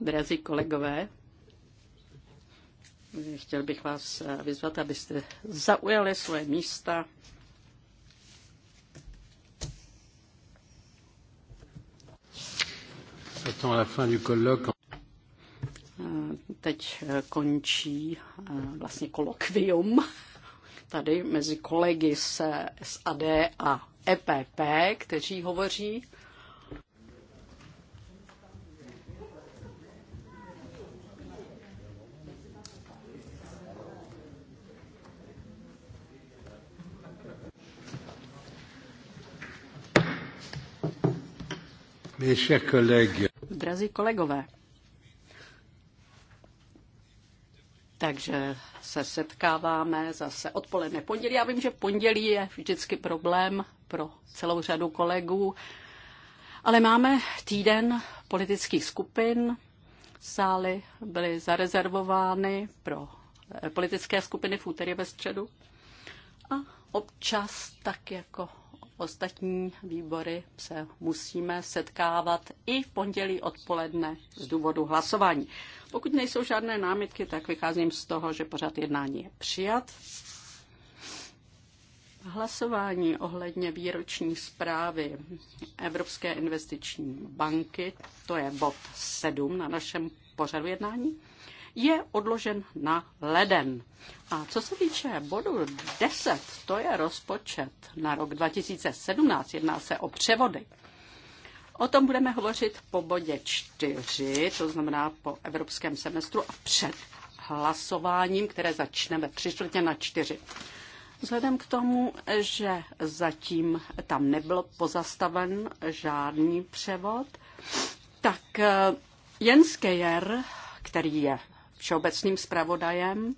Drazí kolegové, chtěl bych vás vyzvat, abyste zaujali svoje místa. Teď končí vlastně kolokvium tady mezi kolegy z SAD a EPP, kteří hovoří Drazí kolegové, takže se setkáváme zase odpoledne pondělí. Já vím, že pondělí je vždycky problém pro celou řadu kolegů, ale máme týden politických skupin. Sály byly zarezervovány pro eh, politické skupiny v úterý ve středu. A občas tak jako ostatní výbory se musíme setkávat i v pondělí odpoledne z důvodu hlasování. Pokud nejsou žádné námitky, tak vycházím z toho, že pořád jednání je přijat. Hlasování ohledně výroční zprávy Evropské investiční banky, to je bod 7 na našem pořadu jednání je odložen na leden. A co se týče bodu 10, to je rozpočet na rok 2017, jedná se o převody. O tom budeme hovořit po bodě 4, to znamená po evropském semestru a před hlasováním, které začneme tři čtvrtě na čtyři. Vzhledem k tomu, že zatím tam nebyl pozastaven žádný převod, tak eh, Jens Kejer, který je všeobecným zpravodajem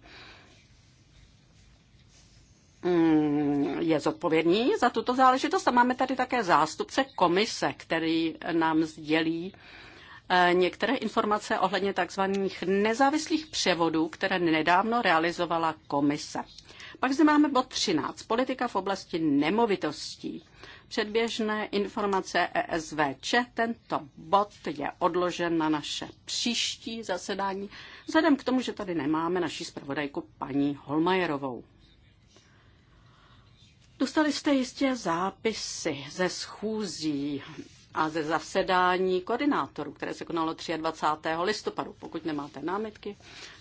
mm, je zodpovědný za tuto záležitost a máme tady také zástupce komise, který nám sdělí eh, některé informace ohledně tzv. nezávislých převodů, které nedávno realizovala komise. Pak zde máme bod 13. Politika v oblasti nemovitostí předběžné informace ESVČ. Tento bod je odložen na naše příští zasedání, vzhledem k tomu, že tady nemáme naši zpravodajku paní Holmajerovou. Dostali jste jistě zápisy ze schůzí a ze zasedání koordinátorů, které se konalo 23. listopadu. Pokud nemáte námitky,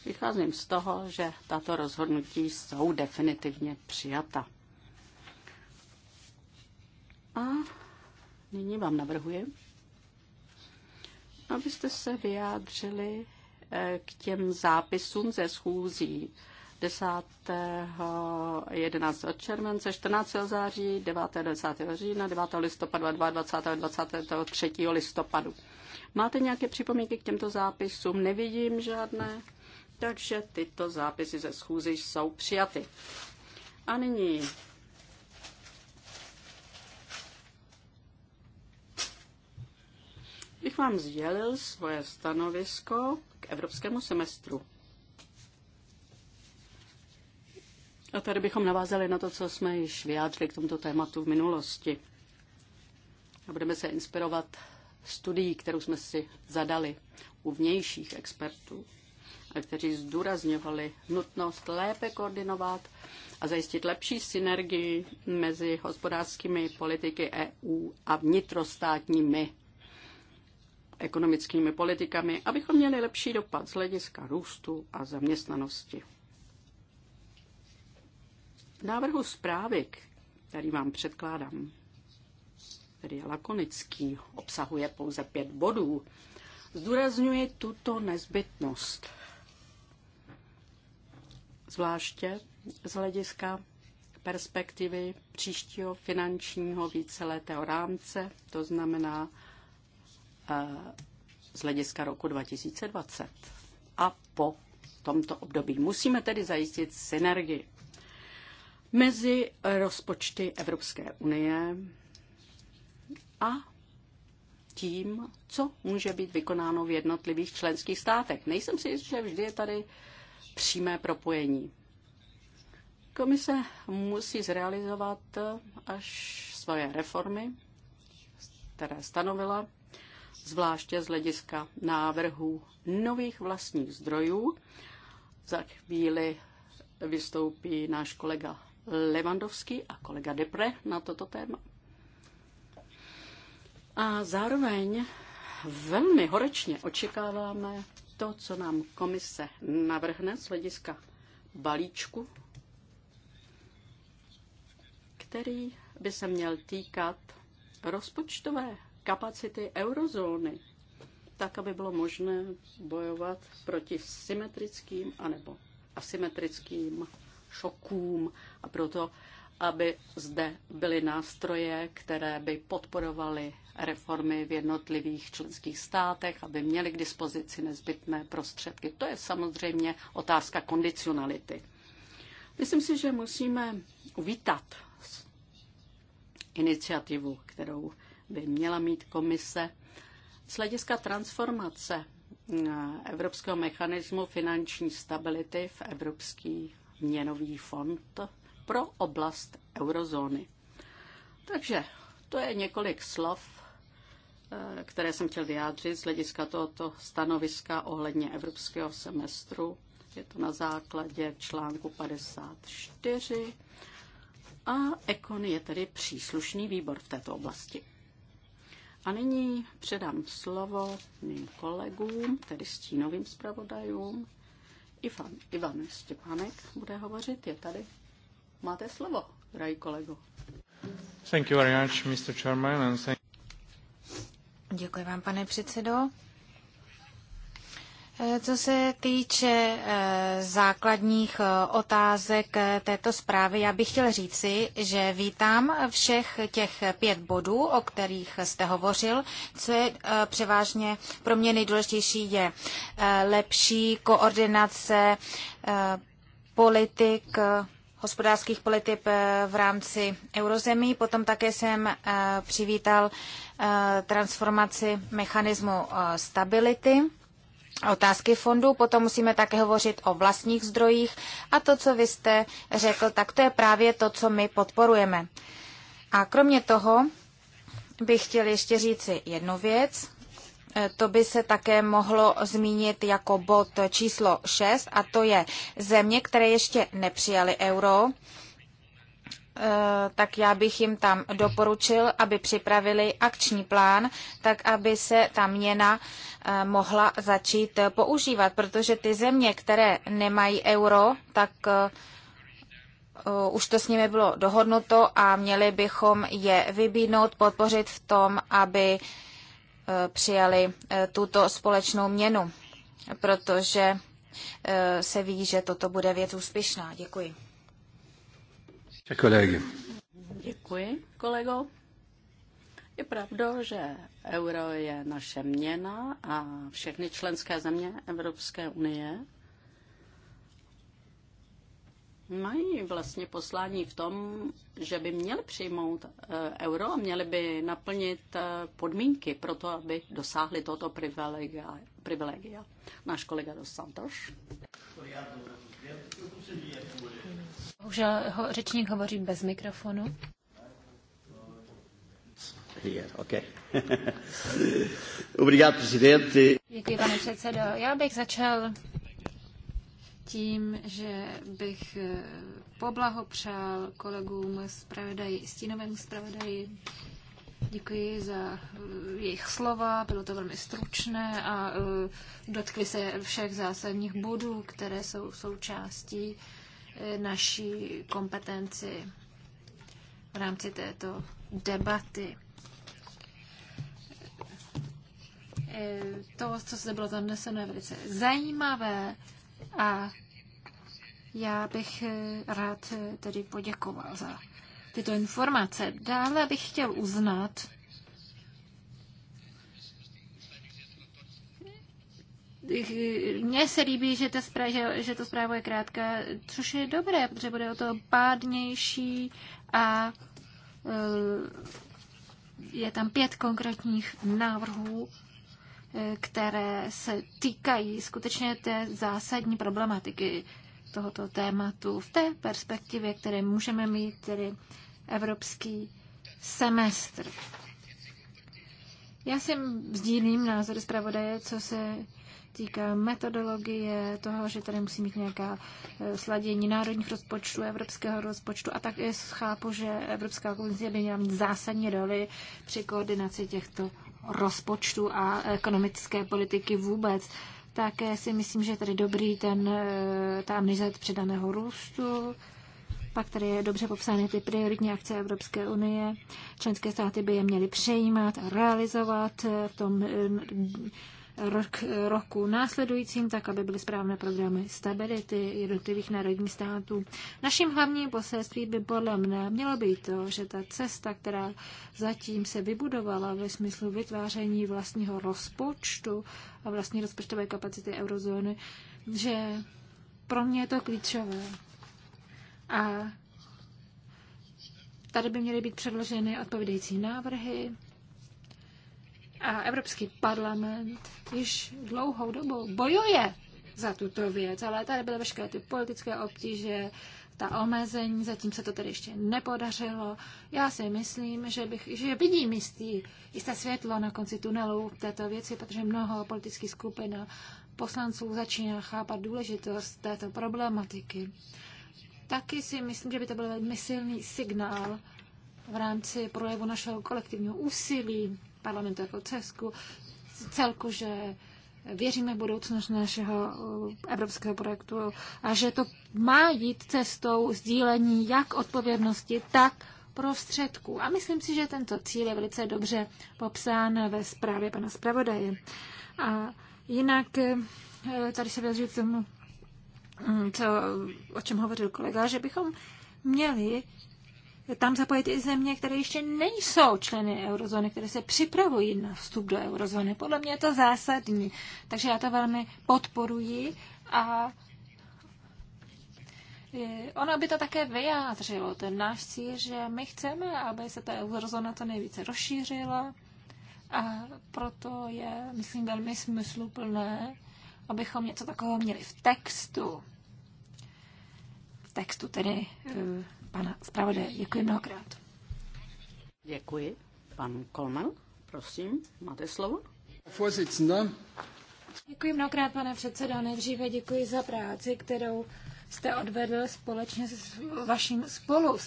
vycházím z toho, že tato rozhodnutí jsou definitivně přijata. A nyní vám navrhuji, abyste se vyjádřili eh, k těm zápisům ze schůzí 10. 11. července, 14. září, 9. 10. října, 9. listopadu a 22. 23. listopadu. Máte nějaké připomínky k těmto zápisům? Nevidím žádné, takže tyto zápisy ze schůzy jsou přijaty. A nyní bych vám sdělil svoje stanovisko k evropskému semestru. A tady bychom navázali na to, co jsme již vyjádřili k tomuto tématu v minulosti. A budeme se inspirovat studií, kterou jsme si zadali u vnějších expertů, a kteří zdůrazňovali nutnost lépe koordinovat a zajistit lepší synergii mezi hospodářskými politiky EU a vnitrostátními ekonomickými politikami, abychom měli lepší dopad z hlediska růstu a zaměstnanosti. V návrhu zprávy, který vám předkládám, který je lakonický, obsahuje pouze pět bodů, zdůrazňuje tuto nezbytnost. Zvláště z hlediska perspektivy příštího finančního víceletého rámce, to znamená z hlediska roku 2020 a po tomto období. Musíme tedy zajistit synergii mezi rozpočty Evropské unie a tím, co může být vykonáno v jednotlivých členských státech. Nejsem si jistý, že vždy je tady přímé propojení. Komise musí zrealizovat až svoje reformy, které stanovila zvláště z hlediska návrhů nových vlastních zdrojů. Za chvíli vystoupí náš kolega Levandovský a kolega Depre na toto téma. A zároveň velmi horečně očekáváme to, co nám komise navrhne z hlediska balíčku, který by se měl týkat rozpočtové kapacity eurozóny, tak, aby bylo možné bojovat proti symetrickým anebo asymetrickým šokům a proto, aby zde byly nástroje, které by podporovaly reformy v jednotlivých členských státech, aby měly k dispozici nezbytné prostředky. To je samozřejmě otázka kondicionality. Myslím si, že musíme uvítat iniciativu, kterou by měla mít komise. Z hlediska transformace eh, Evropského mechanismu finanční stability v Evropský měnový fond pro oblast eurozóny. Takže to je několik slov, eh, které jsem chtěl vyjádřit z hlediska tohoto stanoviska ohledně evropského semestru. Je to na základě článku 54 a Ekon je tedy příslušný výbor v této oblasti. A nyní předám slovo mým kolegům, tedy stínovým zpravodajům. Ivan, Ivan Štěpánek bude hovořit, je tady. Máte slovo, drahý kolego. Thank you very much, Mr. Chairman, and thank... Děkuji vám, pane předsedo. Eh, co se týče eh, základních eh, otázek této zprávy, já bych chtěl říci, že vítám všech těch pět bodů, o kterých jste hovořil. Co je převážně pro mě nejdůležitější, je lepší koordinace politik hospodářských politik v rámci eurozemí. Potom také jsem přivítal transformaci mechanismu stability otázky fondů, potom musíme také hovořit o vlastních zdrojích a to, co vy jste řekl, tak to je právě to, co my podporujeme. A kromě toho bych chtěl ještě říci jednu věc. E, to by se také mohlo zmínit jako bod číslo 6 a to je země, které ještě nepřijaly euro Eh, tak já bych jim tam doporučil, aby připravili akční plán, tak aby se ta měna eh, mohla začít používat, protože ty země, které nemají euro, tak eh, už to s nimi bylo dohodnuto a měli bychom je vybídnout, podpořit v tom, aby přijali tuto společnou měnu, protože se ví, že toto bude věc úspěšná. Děkuji. Děkuji, kolego. Je pravda, že euro je naše měna a všechny členské země Evropské unie mají vlastně poslání v tom, že by měli přijmout eh, euro a měli by naplnit eh, podmínky pro to, aby dosáhli tohoto privilegia. privilegia. Náš kolega dos Santos. Bohužel ho, řečník hovoří bez mikrofonu. Děkuji, pane předsedo. Já bych začal tím, že bych eh, poblahopřál kolegům zpravodaji, stínovému zpravodaji. Děkuji za eh, jejich slova, bylo to velmi stručné a eh, dotkli se všech zásadních bodů, které jsou součástí naší kompetenci v rámci této debaty. E, to, co zde bylo zaneseno, je velice zajímavé a já bych e, rád tedy poděkoval za tyto informace. Dále bych chtěl uznat, mně se líbí, že, ta zpráva, že, že to zpráva je krátká, což je dobré, protože bude o to pádnější a eh, je tam pět konkrétních návrhů, eh, které se týkají skutečně té zásadní problematiky tohoto tématu v té perspektivě, které můžeme mít, tedy evropský semestr. Já jsem sdílím názor zpravodaje, co se týká metodologie, toho, že tady musí mít nějaká eh, sladění národních rozpočtů, evropského rozpočtu a tak chápu, že Evropská komise by měla mít zásadní roli při koordinaci těchto rozpočtů a ekonomické politiky vůbec. Také si myslím, že je tady dobrý ten, eh, ta amnizet předaného růstu, pak tady je dobře popsány ty prioritní akce Evropské unie. Členské státy by je měly přejímat a realizovat eh, v tom rok, roku následujícím, tak aby byly správné programy stability jednotlivých národních států. Naším hlavním poselství by podle mne mělo být to, že ta cesta, která zatím se vybudovala ve smyslu vytváření vlastního rozpočtu a vlastní rozpočtové kapacity eurozóny, že pro mě je to klíčové. A tady by měly být předloženy odpovědející návrhy, a Evropský parlament již dlouhou dobu bojuje za tuto věc, ale tady byly veškeré ty politické obtíže, ta omezení, zatím se to tedy ještě nepodařilo. Já si myslím, že, bych, že vidím jistý, jisté světlo na konci tunelu v této věci, protože mnoho politických skupin a poslanců začíná chápat důležitost této problematiky. Taky si myslím, že by to byl velmi silný signál v rámci projevu našeho kolektivního úsilí parlamentu jako Česku, celku, že věříme v budoucnost našeho eh, evropského projektu a že to má jít cestou sdílení jak odpovědnosti, tak prostředků. A myslím si, že tento cíl je velice dobře popsán ve zprávě pana zpravodaje. A jinak eh, tady se vyjadřuji k tomu, mm, co, o čem hovořil kolega, že bychom měli tam zapojit i země, které ještě nejsou členy eurozóny, které se připravují na vstup do eurozóny. Podle mě je to zásadní. Takže já to velmi podporuji a e, Ono by to také vyjádřilo, ten náš cíl, že my chceme, aby se ta eurozóna to nejvíce rozšířila a proto je, myslím, velmi smysluplné, abychom něco takového měli v textu. V textu tedy e, pana zpravodaje. Děkuji mnohokrát. Děkuji. Pan Kolmel, prosím, máte slovo. Vozicna. Děkuji mnohokrát, pane předsedo. Nejdříve děkuji za práci, kterou jste odvedl společně s vaším spolu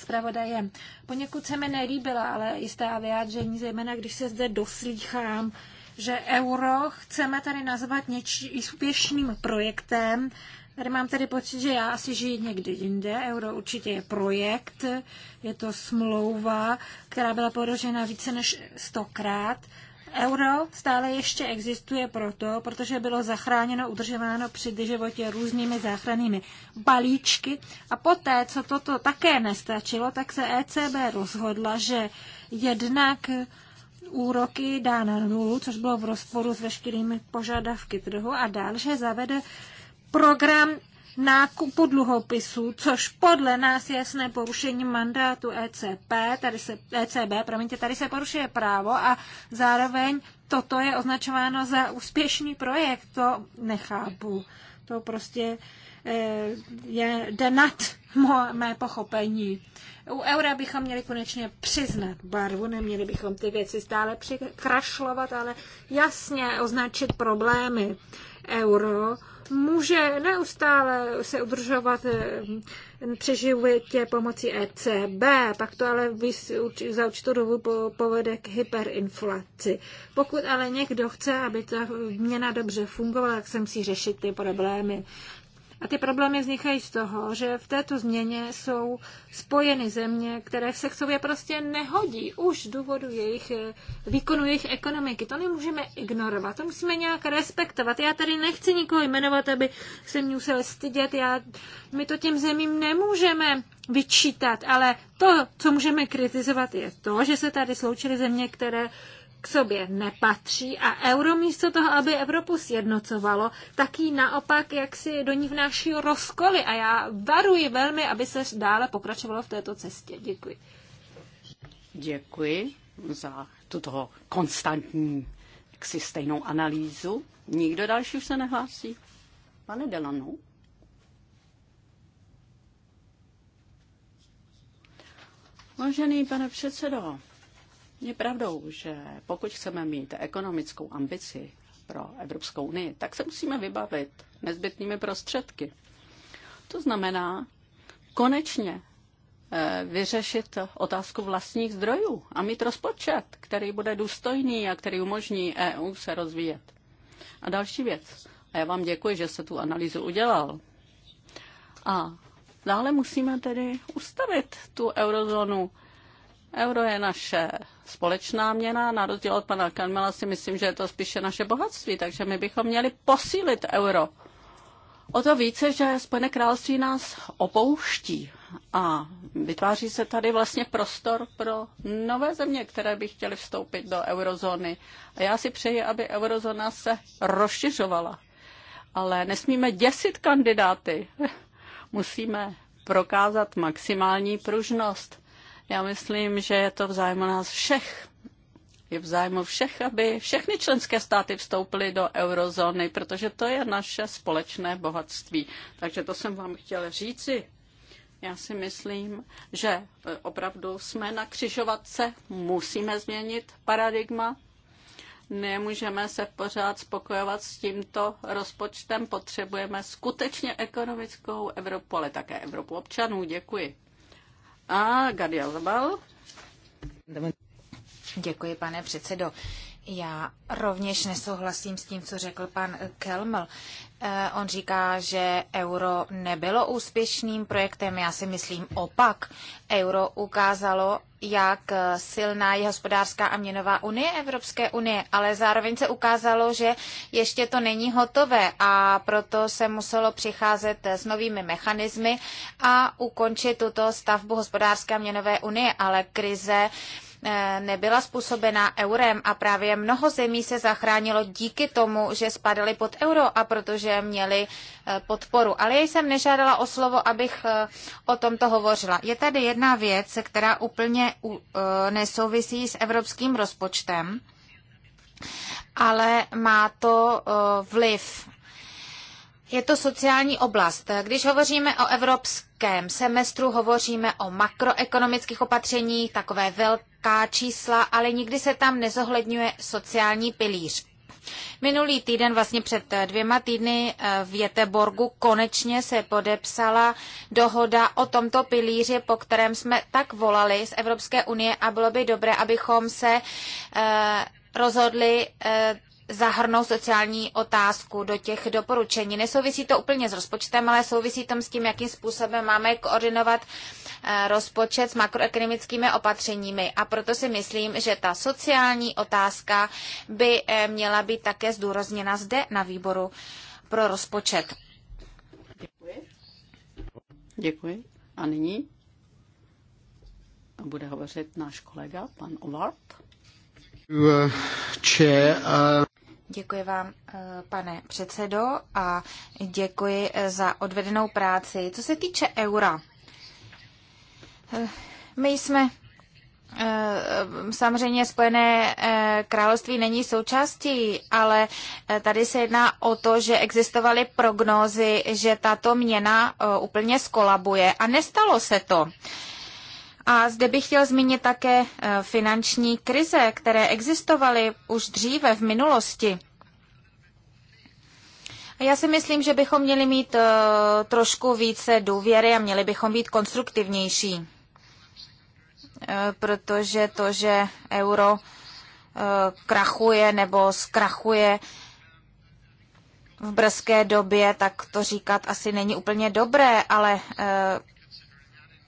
zpravodajem. Poněkud se mi nelíbila, ale jistá vyjádření, zejména když se zde doslýchám, že euro chceme tady nazvat něčím úspěšným projektem, Tady mám tady pocit, že já asi žiju někde jinde. Euro určitě je projekt, je to smlouva, která byla podložena více než stokrát. Euro stále ještě existuje proto, protože bylo zachráněno, udržováno při životě různými záchrannými balíčky. A poté, co toto také nestačilo, tak se ECB rozhodla, že jednak úroky dá na nulu, což bylo v rozporu s veškerými požadavky trhu a dál, že zavede program nákupu dluhopisů, což podle nás je jasné porušení mandátu ECP, tady se, ECB, promiňte, tady se porušuje právo a zároveň toto je označováno za úspěšný projekt, to nechápu. To prostě eh, je, denat mo- mé pochopení. U eura bychom měli konečně přiznat barvu, neměli bychom ty věci stále překrašlovat, ale jasně označit problémy. Euro může neustále se udržovat eh, při životě pomocí ECB, pak to ale za určitou dobu povede k hyperinflaci. Pokud ale někdo chce, aby ta měna dobře fungovala, tak se musí řešit ty problémy. A ty problémy vznikají z toho, že v této změně jsou spojeny země, které se k sobě prostě nehodí už z důvodu jejich eh, výkonu jejich ekonomiky. To nemůžeme ignorovat, to musíme nějak respektovat. Já tady nechci nikoho jmenovat, aby se mě musel stydět. Já, my to těm zemím nemůžeme vyčítat, ale to, co můžeme kritizovat, je to, že se tady sloučily země, které k sobě nepatří a euro místo toho, aby Evropu sjednocovalo, tak ji naopak jak si do ní vnáší rozkoly a já varuji velmi, aby se dále pokračovalo v této cestě. Děkuji. Děkuji za tuto konstantní jaksi stejnou analýzu. Nikdo další už se nehlásí? Pane Delanu? Vážený pane předsedo, je pravdou, že pokud chceme mít ekonomickou ambici pro Evropskou unii, tak se musíme vybavit nezbytnými prostředky. To znamená konečně eh, vyřešit otázku vlastních zdrojů a mít rozpočet, který bude důstojný a který umožní EU se rozvíjet. A další věc. A já vám děkuji, že jste tu analýzu udělal. A dále musíme tedy ustavit tu eurozónu Euro je naše společná měna, na rozdíl od pana Kanmela si myslím, že je to spíše naše bohatství, takže my bychom měli posílit euro. O to více, že Spojené království nás opouští a vytváří se tady vlastně prostor pro nové země, které by chtěly vstoupit do eurozóny. A já si přeji, aby eurozóna se rozšiřovala. Ale nesmíme děsit kandidáty. Musíme prokázat maximální pružnost já myslím, že je to v zájmu nás všech. Je v zájmu všech, aby všechny členské státy vstoupily do eurozóny, protože to je naše společné bohatství. Takže to jsem vám chtěla říci. Já si myslím, že e, opravdu jsme na křižovatce, musíme změnit paradigma, nemůžeme se pořád spokojovat s tímto rozpočtem, potřebujeme skutečně ekonomickou Evropu, ale také Evropu občanů. Děkuji. A Gadia Zabal. Děkuji, pane předsedo. Já rovněž nesouhlasím s tím, co řekl pan Kelmel. Eh, on říká, že euro nebylo úspěšným projektem. Já si myslím opak. Euro ukázalo, jak eh, silná je hospodářská a měnová unie Evropské unie, ale zároveň se ukázalo, že ještě to není hotové a proto se muselo přicházet eh, s novými mechanismy a ukončit tuto stavbu hospodářské a měnové unie, ale krize uh, Eh, nebyla způsobena eurem a právě mnoho zemí se zachránilo díky tomu, že spadaly pod euro a protože měli eh, podporu. Ale já jsem nežádala o slovo, abych eh, o tomto hovořila. Je tady jedna věc, která úplně nesouvisí s evropským rozpočtem, ale má to vliv je to sociální oblast. Když hovoříme o evropském semestru, hovoříme o makroekonomických opatřeních, takové velké. K čísla, ale nikdy se tam nezohledňuje sociální pilíř. Minulý týden, vlastně před eh, dvěma týdny eh, v Jeteborgu, konečně se podepsala dohoda o tomto pilíři, po kterém jsme tak volali z Evropské unie a bylo by dobré, abychom se eh, rozhodli zahrnou sociální otázku do těch doporučení. Nesouvisí to úplně s rozpočtem, ale souvisí to s tím, jakým způsobem máme koordinovat eh, rozpočet s makroekonomickými opatřeními. A proto si myslím, že ta sociální otázka by eh, měla být také zdůrazněna zde na výboru pro rozpočet. Děkuji. Děkuji. A nyní bude hovořit náš kolega, pan Ovart. Uh, chair, uh... Děkuji vám, eh, pane předsedo, a děkuji eh, za odvedenou práci. Co se týče eura, eh, my jsme Samozřejmě Spojené království není součástí, ale tady se jedná o to, že existovaly prognózy, že tato měna úplně skolabuje a nestalo se to. A zde bych chtěl zmínit také eh, finanční krize, které existovaly už dříve v minulosti. A já si myslím, že bychom měli mít eh, trošku více důvěry a měli bychom být konstruktivnější. Eh, protože to, že euro krachuje nebo zkrachuje v brzké době, tak to říkat asi není úplně dobré, ale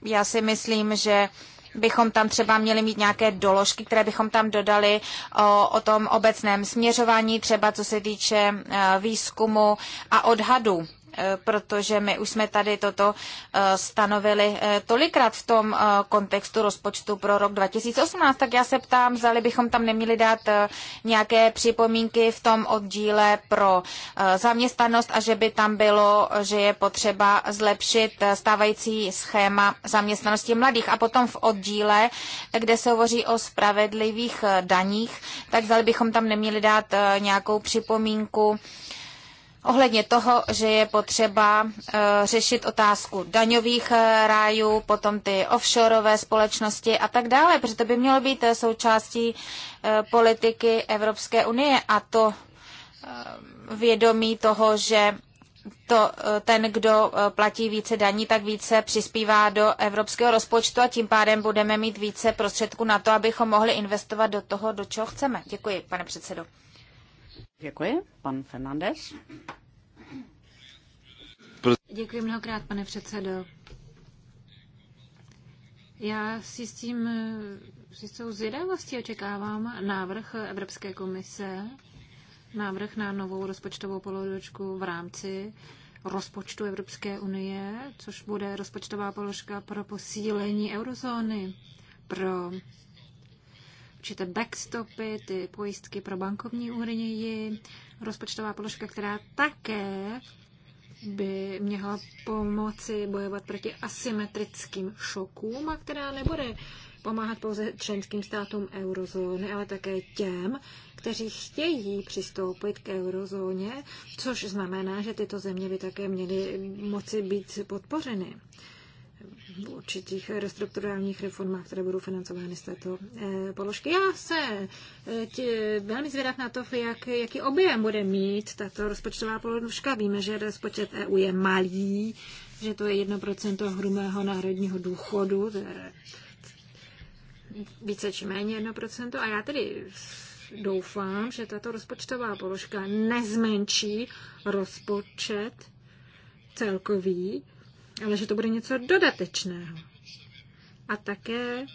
já si myslím, že bychom tam třeba měli mít nějaké doložky, které bychom tam dodali o, o tom obecném směřování, třeba co se týče e, výzkumu a odhadu Eh, protože my už jsme tady toto eh, stanovili eh, tolikrát v tom kontextu rozpočtu pro rok 2018, tak já se ptám, zali bychom tam neměli dát nějaké připomínky v tom oddíle pro zaměstnanost a že by tam bylo, že je potřeba zlepšit stávající schéma zaměstnanosti mladých a potom v oddíle, kde se hovoří o spravedlivých daních, tak zali bychom tam neměli dát nějakou připomínku, ohledně toho, že je potřeba eh, řešit otázku daňových eh, rájů, potom ty offshoreové společnosti a tak dále, protože to by mělo být eh, součástí politiky Evropské unie a to vědomí toho, že to, ten, kdo platí více daní, tak více přispívá do evropského rozpočtu a tím pádem budeme mít více prostředků na to, abychom mohli investovat do toho, do čeho chceme. Děkuji, pane předsedo. Děkuji. Pan Fernandez. Děkuji mnohokrát, pane předsedo. Já si s tím, si s tou zvědavostí očekávám návrh Evropské komise, návrh na novou rozpočtovou položku v rámci rozpočtu Evropské unie, což bude rozpočtová položka pro posílení eurozóny, pro ty backstopy, ty pojistky pro bankovní úhrněji, rozpočtová položka, která také by měla pomoci bojovat proti asymetrickým šokům a která nebude pomáhat pouze členským státům eurozóny, ale také těm, kteří chtějí přistoupit k eurozóně, což znamená, že tyto země by také měly moci být podpořeny určitých restrukturálních reformách, které budou financovány z této eh, položky. Já se eh, tě, velmi zvědav na to, jak, jaký objem bude mít tato rozpočtová položka. Víme, že rozpočet EU je malý, že to je 1% hrubého národního důchodu, více či méně 1%. A já tedy doufám, že tato rozpočtová položka nezmenší rozpočet celkový ale že to bude něco dodatečného. A také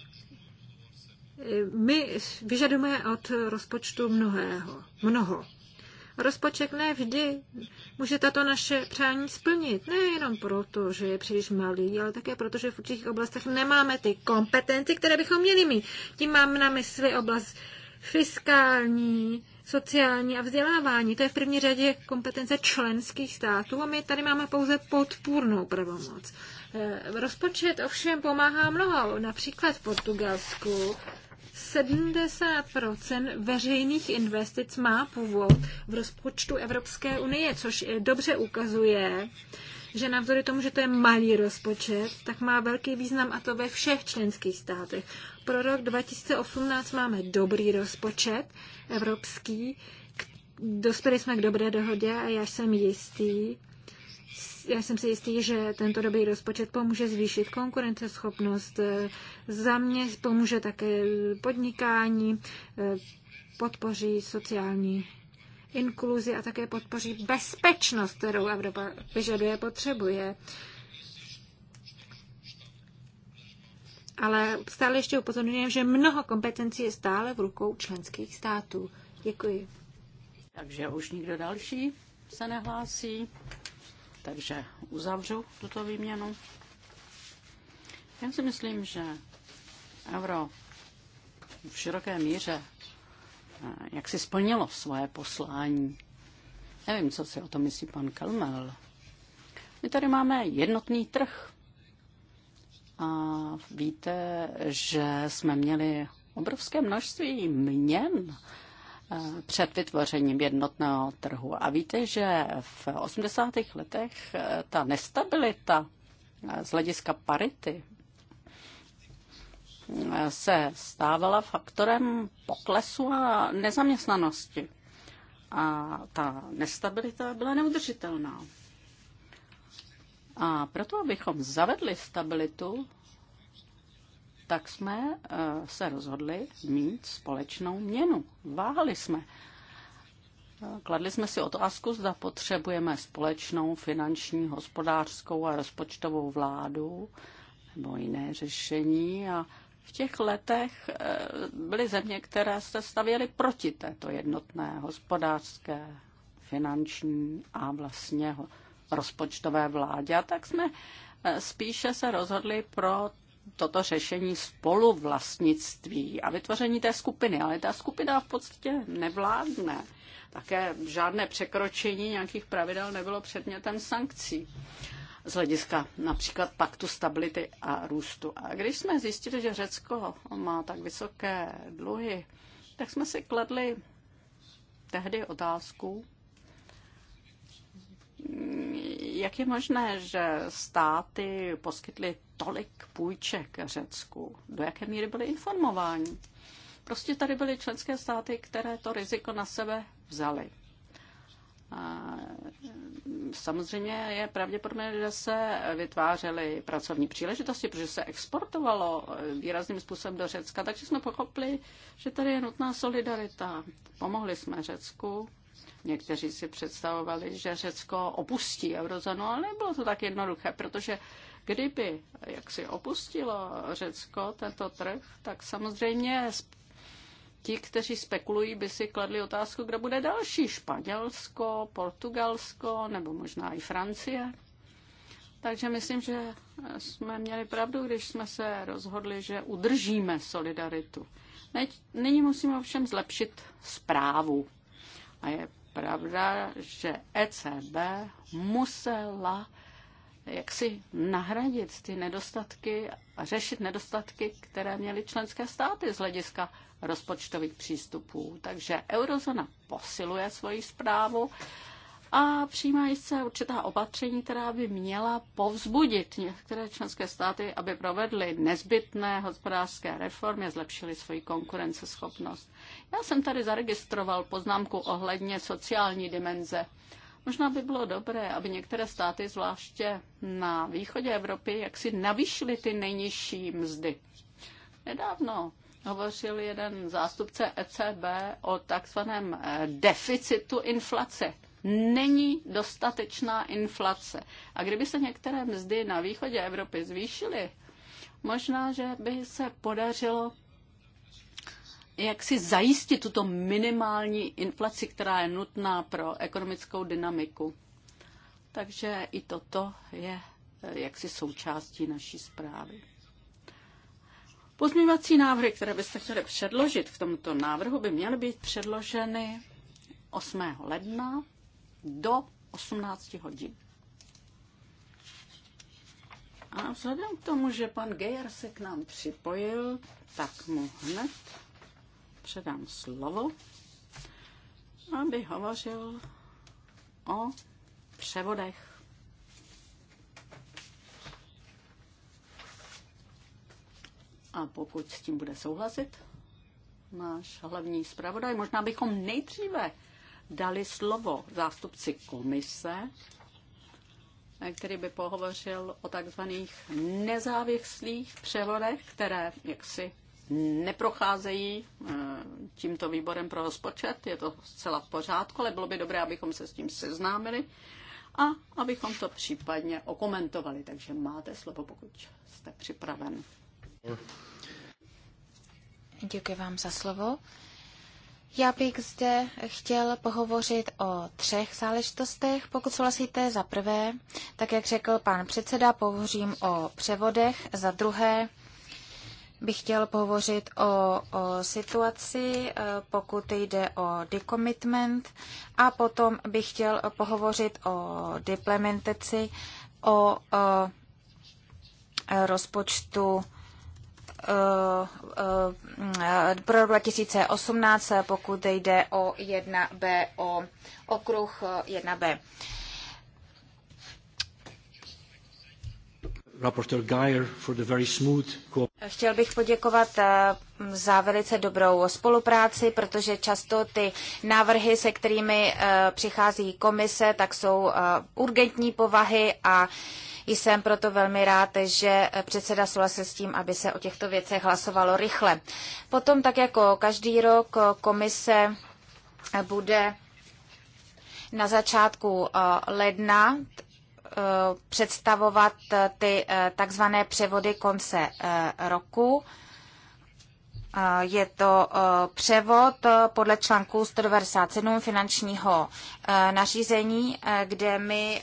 eh, my vyžadujeme od rozpočtu mnohého, mnoho. Rozpočet ne vždy může tato naše přání splnit. Nejenom proto, že je příliš malý, ale také proto, že v určitých oblastech nemáme ty kompetenci, které bychom měli mít. Tím mám na mysli oblast fiskální, sociální a vzdělávání. To je v první řadě kompetence členských států a my tady máme pouze podpůrnou pravomoc. Eh, rozpočet ovšem pomáhá mnoho. Například v Portugalsku 70 veřejných investic má původ v rozpočtu Evropské unie, což eh, dobře ukazuje, že navzdory tomu, že to je malý rozpočet, tak má velký význam a to ve všech členských státech. Pro rok 2018 máme dobrý rozpočet evropský. Dospěli jsme k dobré dohodě a já jsem jistý, já jsem si jistý, že tento dobrý rozpočet pomůže zvýšit konkurenceschopnost, eh, za mě pomůže také podnikání, eh, podpoří sociální inkluzi a také podpoří bezpečnost, kterou Evropa vyžaduje, potřebuje. ale stále ještě upozorňujeme, že mnoho kompetencí je stále v rukou členských států. Děkuji. Takže už nikdo další se nehlásí, takže uzavřu tuto výměnu. Já si myslím, že euro v široké míře eh, jak si splnilo svoje poslání. Nevím, co si o tom myslí pan Kelmel. My tady máme jednotný trh a víte, že jsme měli obrovské množství měn eh, před vytvořením jednotného trhu. A víte, že v 80. letech eh, ta nestabilita eh, z hlediska parity se stávala faktorem poklesu a nezaměstnanosti. A ta nestabilita byla neudržitelná. A proto, abychom zavedli stabilitu, tak jsme eh, se rozhodli mít společnou měnu. Váhali jsme. Eh, kladli jsme si otázku, zda potřebujeme společnou finanční, hospodářskou a rozpočtovou vládu nebo jiné řešení. A v těch letech eh, byly země, které se stavěly proti této jednotné hospodářské, finanční a vlastně rozpočtové vládě, a tak jsme eh, spíše se rozhodli pro toto řešení spoluvlastnictví a vytvoření té skupiny. Ale ta skupina v podstatě nevládne. Také žádné překročení nějakých pravidel nebylo předmětem sankcí z hlediska například paktu stability a růstu. A když jsme zjistili, že Řecko má tak vysoké dluhy, tak jsme si kladli tehdy otázku, jak je možné, že státy poskytly tolik půjček Řecku? Do jaké míry byly informováni? Prostě tady byly členské státy, které to riziko na sebe vzaly. A samozřejmě je pravděpodobné, že se vytvářely pracovní příležitosti, protože se exportovalo výrazným způsobem do Řecka, takže jsme pochopili, že tady je nutná solidarita. Pomohli jsme Řecku, Někteří si představovali, že Řecko opustí eurozónu, ale nebylo to tak jednoduché, protože kdyby jak si opustilo Řecko tento trh, tak samozřejmě ti, kteří spekulují, by si kladli otázku, kde bude další. Španělsko, Portugalsko nebo možná i Francie. Takže myslím, že jsme měli pravdu, když jsme se rozhodli, že udržíme solidaritu. Nyní musíme ovšem zlepšit zprávu a je pravda, že ECB musela jak si nahradit ty nedostatky a řešit nedostatky, které měly členské státy z hlediska rozpočtových přístupů. Takže eurozona posiluje svoji zprávu a přijímají se určitá opatření, která by měla povzbudit některé členské státy, aby provedly nezbytné hospodářské reformy a zlepšily svoji konkurenceschopnost. Já jsem tady zaregistroval poznámku ohledně sociální dimenze. Možná by bylo dobré, aby některé státy, zvláště na východě Evropy, jaksi navýšily ty nejnižší mzdy. Nedávno hovořil jeden zástupce ECB o takzvaném deficitu inflace není dostatečná inflace. A kdyby se některé mzdy na východě Evropy zvýšily, možná, že by se podařilo jak si zajistit tuto minimální inflaci, která je nutná pro ekonomickou dynamiku. Takže i toto je eh, jaksi součástí naší zprávy. Pozměňovací návrhy, které byste chtěli předložit k tomuto návrhu, by měly být předloženy 8. ledna do 18 hodin. A vzhledem k tomu, že pan Gejer se k nám připojil, tak mu hned předám slovo, aby hovořil o převodech. A pokud s tím bude souhlasit, náš hlavní zpravodaj, možná bychom nejdříve dali slovo zástupci komise, který by pohovořil o takzvaných nezávislých převodech, které jaksi neprocházejí eh, tímto výborem pro rozpočet. Je to zcela v pořádku, ale bylo by dobré, abychom se s tím seznámili a abychom to případně okomentovali. Takže máte slovo, pokud jste připraven. Děkuji vám za slovo. Já bych zde chtěl pohovořit o třech záležitostech. Pokud souhlasíte, za prvé, tak jak řekl pan předseda, pohovořím o převodech. Za druhé, bych chtěl pohovořit o, o situaci, e, pokud jde o decommitment a potom bych chtěl pohovořit o diplementaci, o, o e, rozpočtu Eh, eh, pro rok 2018, eh, pokud jde o 1B, o okruh 1B. Chtěl bych poděkovat za velice dobrou spolupráci, protože často ty návrhy, se kterými přichází komise, tak jsou urgentní povahy a jsem proto velmi rád, že předseda souhlasil s tím, aby se o těchto věcech hlasovalo rychle. Potom, tak jako každý rok, komise bude na začátku eh, ledna eh, představovat eh, ty takzvané převody konce roku. Je to e, převod e, podle článku 197 finančního e, nařízení, kde my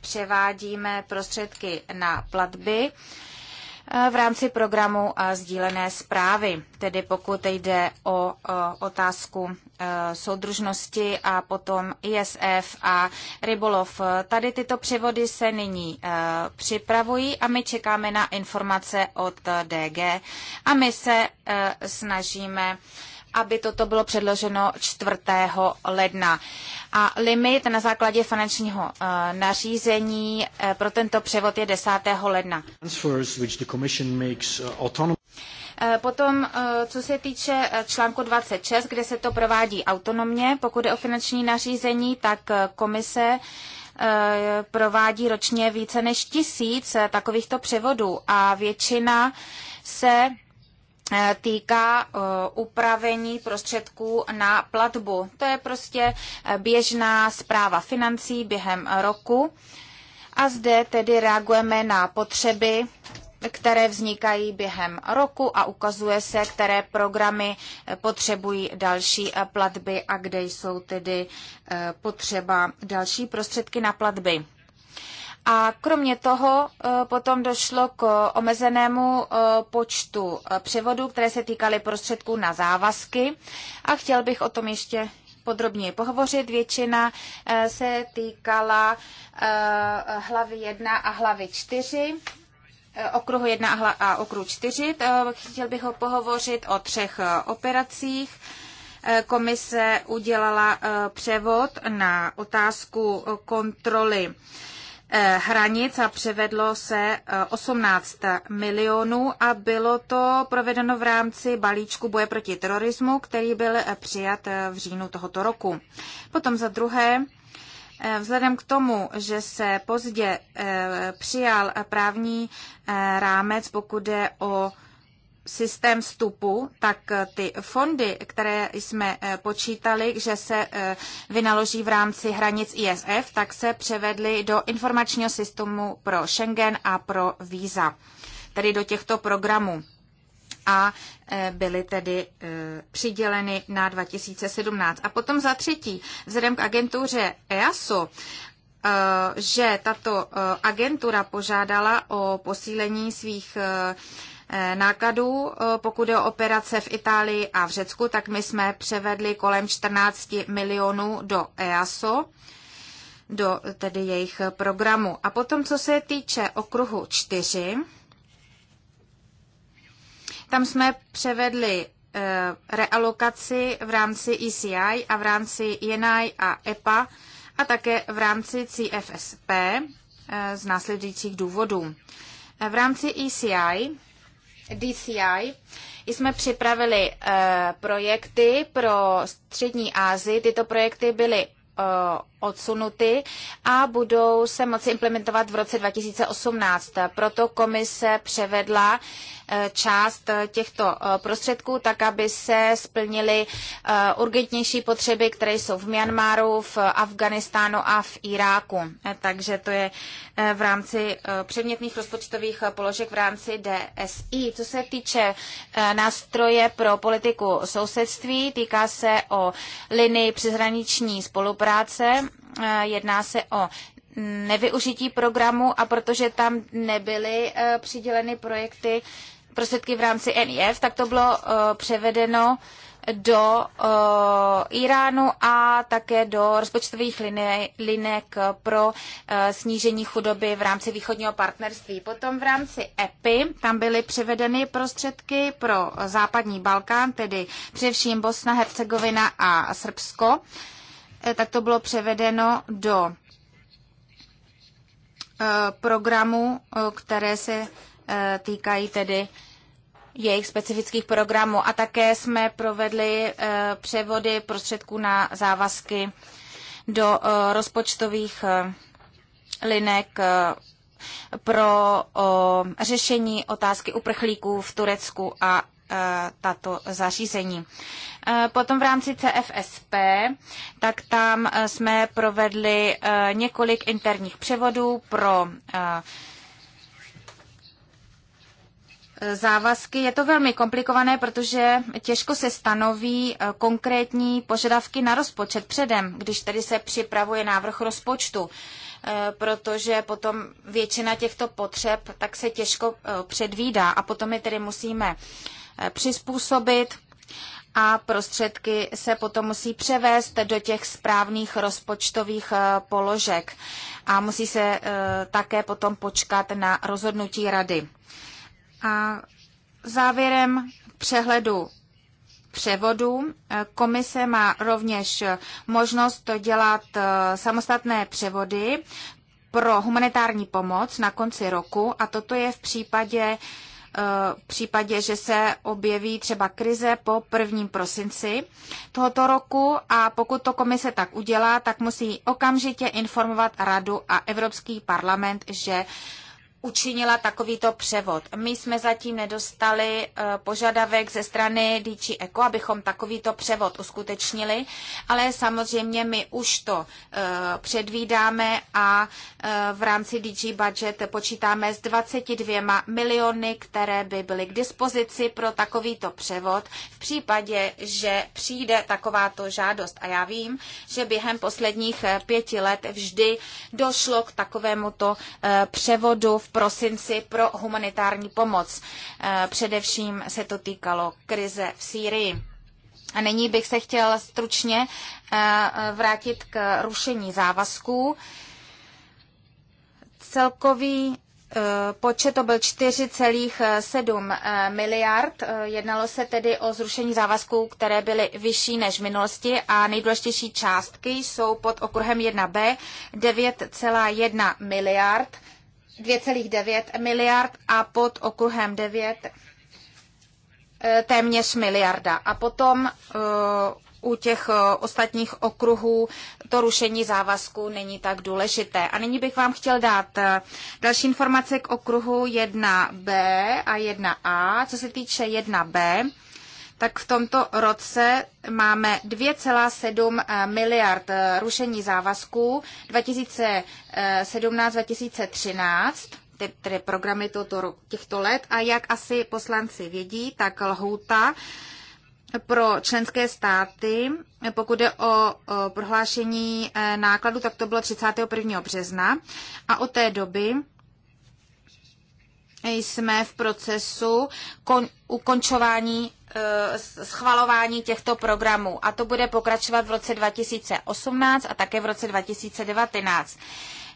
převádíme prostředky na platby Eh, v rámci programu eh, sdílené zprávy, tedy pokud jde o eh, otázku soudružnosti a potom ISF a rybolov. Tady tyto převody se nyní připravují a my čekáme na informace od DG a my se snažíme aby toto bylo předloženo 4. ledna. A limit na základě finančního eh, nařízení eh, pro tento převod je 10. ledna. Eh, potom, co se týče článku 26, kde se to provádí autonomně, pokud je o finanční nařízení, tak komise provádí ročně více než tisíc takovýchto převodů a většina se Eh, týká eh, upravení prostředků na platbu. To je prostě eh, běžná zpráva financí během roku. A zde tedy reagujeme na potřeby, které vznikají během roku a ukazuje se, které programy potřebují další platby a kde jsou tedy potřeba další prostředky na platby. A kromě toho e, potom došlo k omezenému e, počtu e, převodů, které se týkaly prostředků na závazky. A chtěl bych o tom ještě podrobněji pohovořit. Většina se týkala hlavy 1 a hlavy 4 okruhu 1 a, okruhu 4. Chtěl bych ho pohovořit o třech operacích. Komise udělala převod na otázku kontroly Eh, hranic a převedlo se 18 eh, milionů a bylo to provedeno v rámci balíčku boje proti terorismu, který byl eh, přijat v říjnu tohoto roku. Potom za druhé, Vzhledem k tomu, že se pozdě přijal právní rámec, pokud je o systém vstupu, tak eh, ty fondy, které jsme eh, počítali, že se eh, vynaloží v rámci hranic ISF, tak se převedly do informačního systému pro Schengen a pro víza, tedy do těchto programů a byly tedy přiděleny na 2017. A potom za třetí, vzhledem k agentuře EASO, že tato agentura požádala o posílení svých Eh, nákladů. Eh, pokud je o operace v Itálii a v Řecku, tak my jsme převedli kolem 14 milionů do EASO, do tedy jejich programu. A potom, co se týče okruhu 4, tam jsme převedli eh, realokaci v rámci ECI a v rámci JENAI a EPA a také v rámci CFSP z následujících důvodů. V rámci ECI DCI jsme připravili eh, projekty pro střední Asii. Tyto projekty byly eh, odsunuty a budou se moci implementovat v roce 2018. Proto komise převedla eh, část eh, těchto eh, prostředků, tak aby se splnily urgentnější potřeby, které jsou v Myanmaru, v Afganistánu a v Iráku. Takže to je v rámci předmětných rozpočtových položek v rámci DSI. Co se týče nástroje pro politiku sousedství, týká se o linii přeshraniční spolupráce Eh, jedná se o nevyužití programu a protože tam nebyly eh, přiděleny projekty prostředky v rámci NIF, tak to bylo eh, převedeno do Iránu a také do rozpočtových linek pro snížení chudoby v rámci východního partnerství. Potom v rámci EPI tam byly převedeny prostředky pro západní Balkán, tedy především Bosna, Hercegovina a Srbsko. Eh, tak to bylo převedeno do eh, programů, eh, které se týkají tedy jejich specifických programů. A také jsme provedli převody prostředků na závazky do rozpočtových linek pro řešení otázky uprchlíků v Turecku a Eh, tato zařízení. Eh, potom v rámci CFSP, tak tam eh, jsme provedli několik interních převodů pro závazky. Je to velmi komplikované, protože těžko se stanoví konkrétní požadavky na rozpočet předem, když tedy se připravuje návrh rozpočtu protože potom většina těchto potřeb tak se těžko předvídá a potom je tedy musíme Eh, přizpůsobit a prostředky se potom musí převést do těch správných rozpočtových eh, položek a musí se eh, také potom počkat na rozhodnutí rady. A závěrem přehledu převodu. Komise má rovněž možnost dělat samostatné převody pro humanitární pomoc na konci roku a toto je v případě v případě, že se objeví třeba krize po 1. prosinci tohoto roku a pokud to komise tak udělá, tak musí okamžitě informovat radu a Evropský parlament, že uh, učinila takovýto převod. My jsme zatím nedostali eh, požadavek ze strany DG Eco, abychom takovýto převod uskutečnili, ale samozřejmě my už to eh, předvídáme a eh, v rámci DG Budget počítáme s 22 miliony, které by byly k dispozici pro takovýto převod v případě, že přijde takováto žádost. A já vím, že během posledních pěti let vždy došlo k takovémuto převodu v prosinci pro humanitární pomoc. E, především se to týkalo krize v Sýrii. A nyní bych se chtěl stručně e, vrátit k rušení závazků. Celkový e, Počet to byl 4,7 miliard. Jednalo se tedy o zrušení závazků, které byly vyšší než v minulosti a nejdůležitější částky jsou pod okruhem 1b 9,1 miliard 2,9 miliard a pod okruhem 9 eh, téměř miliarda. A potom eh, u těch eh, ostatních okruhů to rušení závazku není tak důležité. A nyní bych vám chtěl dát další informace k okruhu 1b a 1a. Co se týče 1b, tak v tomto roce máme 2,7 eh, miliard eh, rušení závazků 2017-2013 tedy programy tohoto, těchto let a jak asi poslanci vědí, tak lhouta pro členské státy, pokud jde o, prohlášení eh, nákladu, tak to bylo 31. března a od té doby jsme v procesu kon, ukončování Eh, schvalování těchto programů a to bude pokračovat v roce 2018 a také v roce 2019.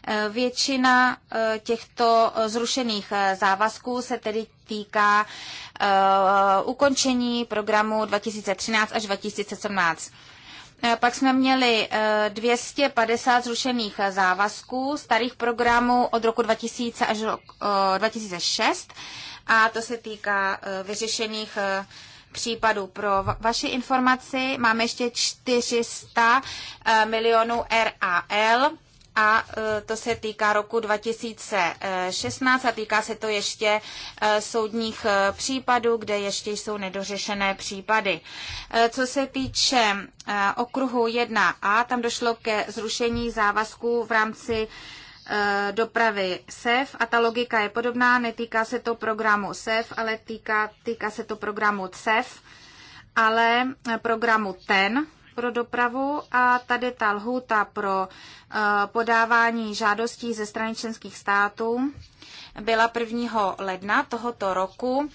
Eh, většina eh, těchto zrušených závazků se tedy týká ukončení programu 2013 až 2017. Pak jsme měli 250 zrušených závazků starých programů od roku 2000 až 2006 a to se týká vyřešených případů. Pro vaši informaci máme ještě 400 eh, milionů RAL a eh, to se týká roku 2016 a týká se to ještě eh, soudních případů, kde ještě jsou nedořešené případy. Co se týče okruhu 1a, tam došlo ke zrušení závazků v rámci Eh, dopravy SEF a ta logika je podobná, netýká se to programu SEF, ale týká, týká se to programu CEF, ale eh, programu TEN pro dopravu a tady ta lhůta pro eh, podávání žádostí ze strany členských států byla 1. ledna tohoto roku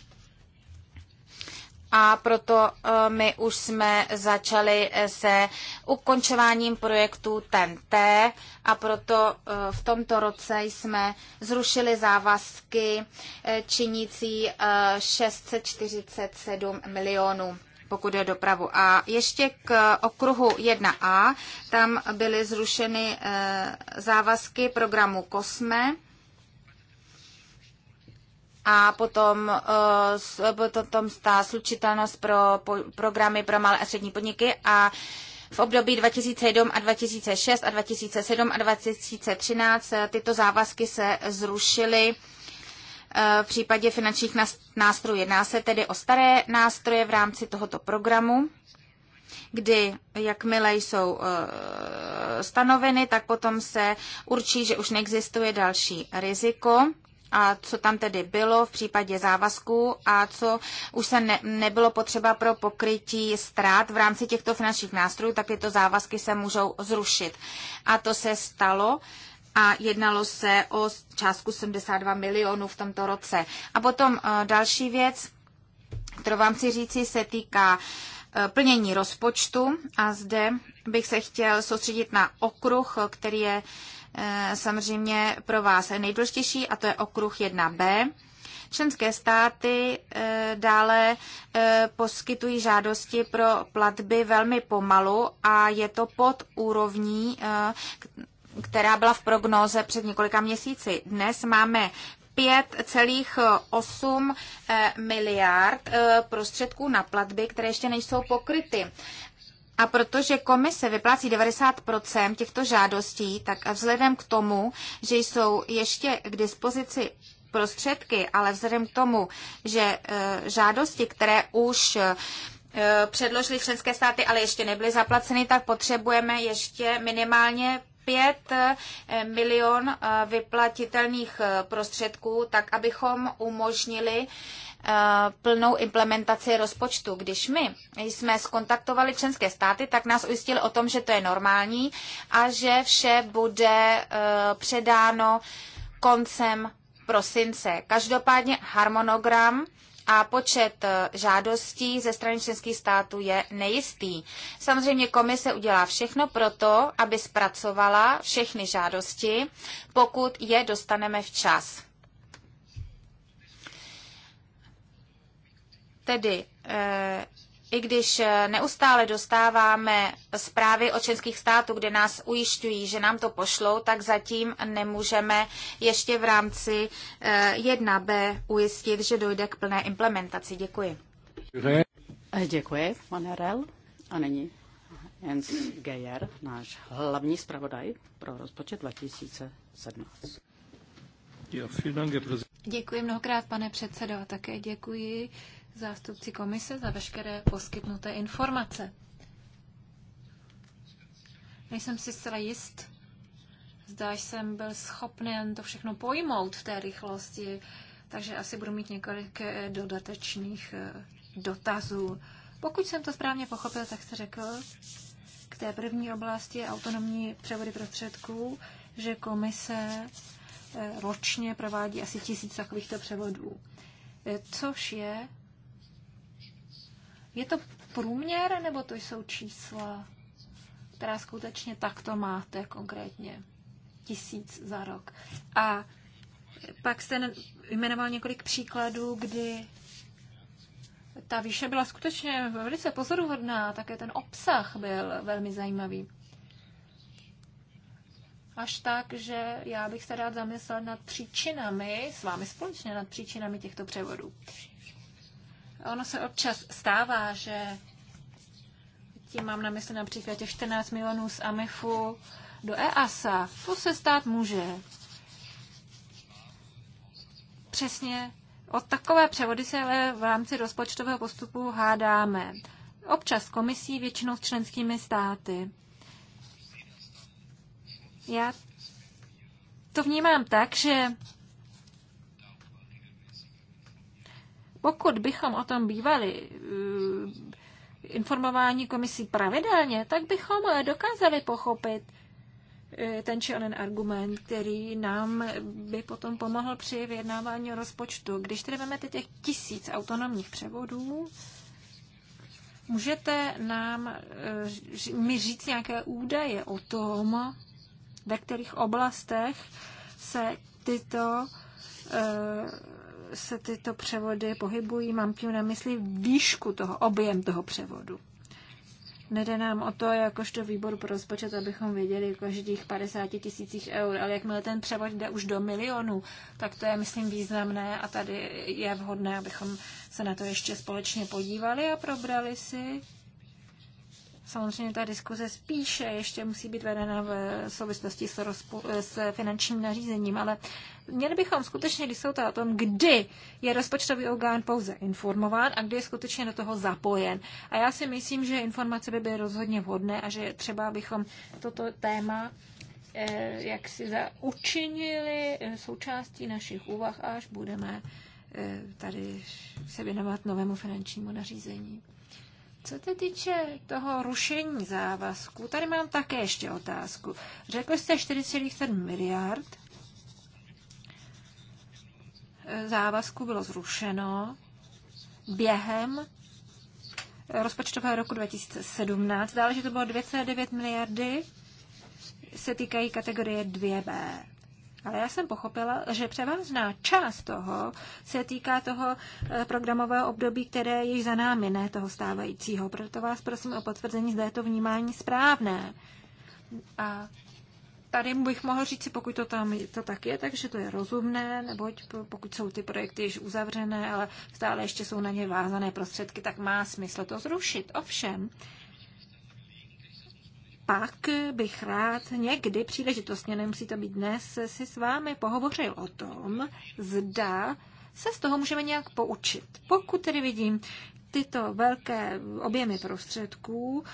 a proto eh, my už jsme začali eh, se ukončováním projektu TNT a proto eh, v tomto roce jsme zrušili závazky činící 647 milionů pokud je dopravu. A ještě k okruhu 1a, tam byly zrušeny závazky programu COSME a potom, eh, eh, potom ta slučitelnost pro programy pro malé a střední podniky a v období 2007 a 2006 a 2007 a 2013 eh, tyto závazky se zrušily v případě finančních nástrojů. Jedná se tedy o staré nástroje v rámci tohoto programu, kdy jakmile jsou stanoveny, tak potom se určí, že už neexistuje další riziko a co tam tedy bylo v případě závazků a co už se ne, nebylo potřeba pro pokrytí ztrát v rámci těchto finančních nástrojů, tak tyto závazky se můžou zrušit. A to se stalo a jednalo se o částku 72 milionů v tomto roce. A potom eh, další věc, kterou vám chci říci, se týká eh, plnění rozpočtu a zde bych se chtěl soustředit na okruh, eh, který je uh, Eh, samozřejmě pro vás nejdůležitější, a to je okruh 1b. Členské státy eh, dále eh, poskytují žádosti pro platby velmi pomalu a je to pod úrovní, která byla v prognóze před několika měsíci. Dnes máme 5,8 miliard prostředků na platby, které ještě nejsou pokryty. A protože komise vyplácí 90% těchto žádostí, tak vzhledem k tomu, že jsou ještě k dispozici prostředky, ale vzhledem k tomu, že e, žádosti, které už e, předložili členské státy, ale ještě nebyly zaplaceny, tak potřebujeme ještě minimálně 5 e, milion vyplatitelných prostředků, tak abychom umožnili Eh, plnou implementaci rozpočtu. Když my jsme skontaktovali členské státy, tak nás ujistili o tom, že to je normální a že vše bude eh, předáno koncem prosince. Každopádně harmonogram a počet eh, žádostí ze strany členských států je nejistý. Samozřejmě komise udělá všechno proto, aby zpracovala všechny žádosti, pokud je dostaneme včas. Tedy eh, i když eh, neustále dostáváme zprávy od českých států, kde nás ujišťují, že nám to pošlou, tak zatím nemůžeme ještě v rámci 1b eh, ujistit, že dojde k plné implementaci. Děkuji. Děkuji, pane Rel. A nyní Jens Geyer, náš hlavní zpravodaj pro rozpočet 2017. Děkuji mnohokrát, pane předsedo, a také děkuji zástupci komise za veškeré poskytnuté informace. Nejsem si zcela jist, zda jsem byl schopný to všechno pojmout v té rychlosti, takže asi budu mít několik eh, dodatečných eh, dotazů. Pokud jsem to správně pochopil, tak jste řekl k té první oblasti autonomní převody prostředků, že komise eh, ročně provádí asi tisíc takovýchto převodů, což je je to průměr, nebo to jsou čísla, která skutečně takto máte konkrétně? Tisíc za rok. A pak jste jmenoval několik příkladů, kdy ta výše byla skutečně velice pozoruhodná, také ten obsah byl velmi zajímavý. Až tak, že já bych se rád zamyslel nad příčinami, s vámi společně nad příčinami těchto převodů. Ono se občas stává, že tím mám na mysli například těch 14 milionů z Amefu do EASA. To se stát může. Přesně o takové převody se ale v rámci rozpočtového postupu hádáme. Občas s komisí, většinou s členskými státy. Já to vnímám tak, že Pokud bychom o tom bývali eh, informování komisí pravidelně, tak bychom eh, dokázali pochopit eh, ten či onen argument, který nám by potom pomohl při vyjednávání rozpočtu. Když tedy vezmete těch tisíc autonomních převodů, můžete nám mi říct nějaké údaje o tom, ve kterých oblastech se tyto se tyto převody pohybují, mám tím na mysli výšku toho, objem toho převodu. Nede nám o to, jakožto výboru pro rozpočet, abychom věděli každých 50 tisících eur, ale jakmile ten převod jde už do milionů, tak to je, myslím, významné a tady je vhodné, abychom se na to ještě společně podívali a probrali si. Samozřejmě ta diskuze spíše ještě musí být vedena v souvislosti s, rozpo- s finančním nařízením, ale Měli bychom skutečně diskutovat o tom, kdy je rozpočtový orgán pouze informován a kdy je skutečně do toho zapojen. A já si myslím, že informace by byly rozhodně vhodné a že třeba bychom toto téma eh, jak si učinili eh, součástí našich úvah, až budeme eh, tady se věnovat novému finančnímu nařízení. Co se týče toho rušení závazku, tady mám také ještě otázku. Řekl jste 4,7 miliard Závazku bylo zrušeno během rozpočtového roku 2017. Dále, že to bylo 2,9 miliardy, se týkají kategorie 2B. Ale já jsem pochopila, že převážná část toho se týká toho eh, programového období, které je za námi, ne toho stávajícího. Proto vás prosím o potvrzení, zda je to vnímání správné. A tady bych mohl říct, pokud to tam to tak je, takže to je rozumné, neboť pokud jsou ty projekty již uzavřené, ale stále ještě jsou na ně vázané prostředky, tak má smysl to zrušit. Ovšem, pak bych rád někdy příležitostně, nemusí to být dnes, si s vámi pohovořil o tom, zda se z toho můžeme nějak poučit. Pokud tedy vidím tyto velké objemy prostředků,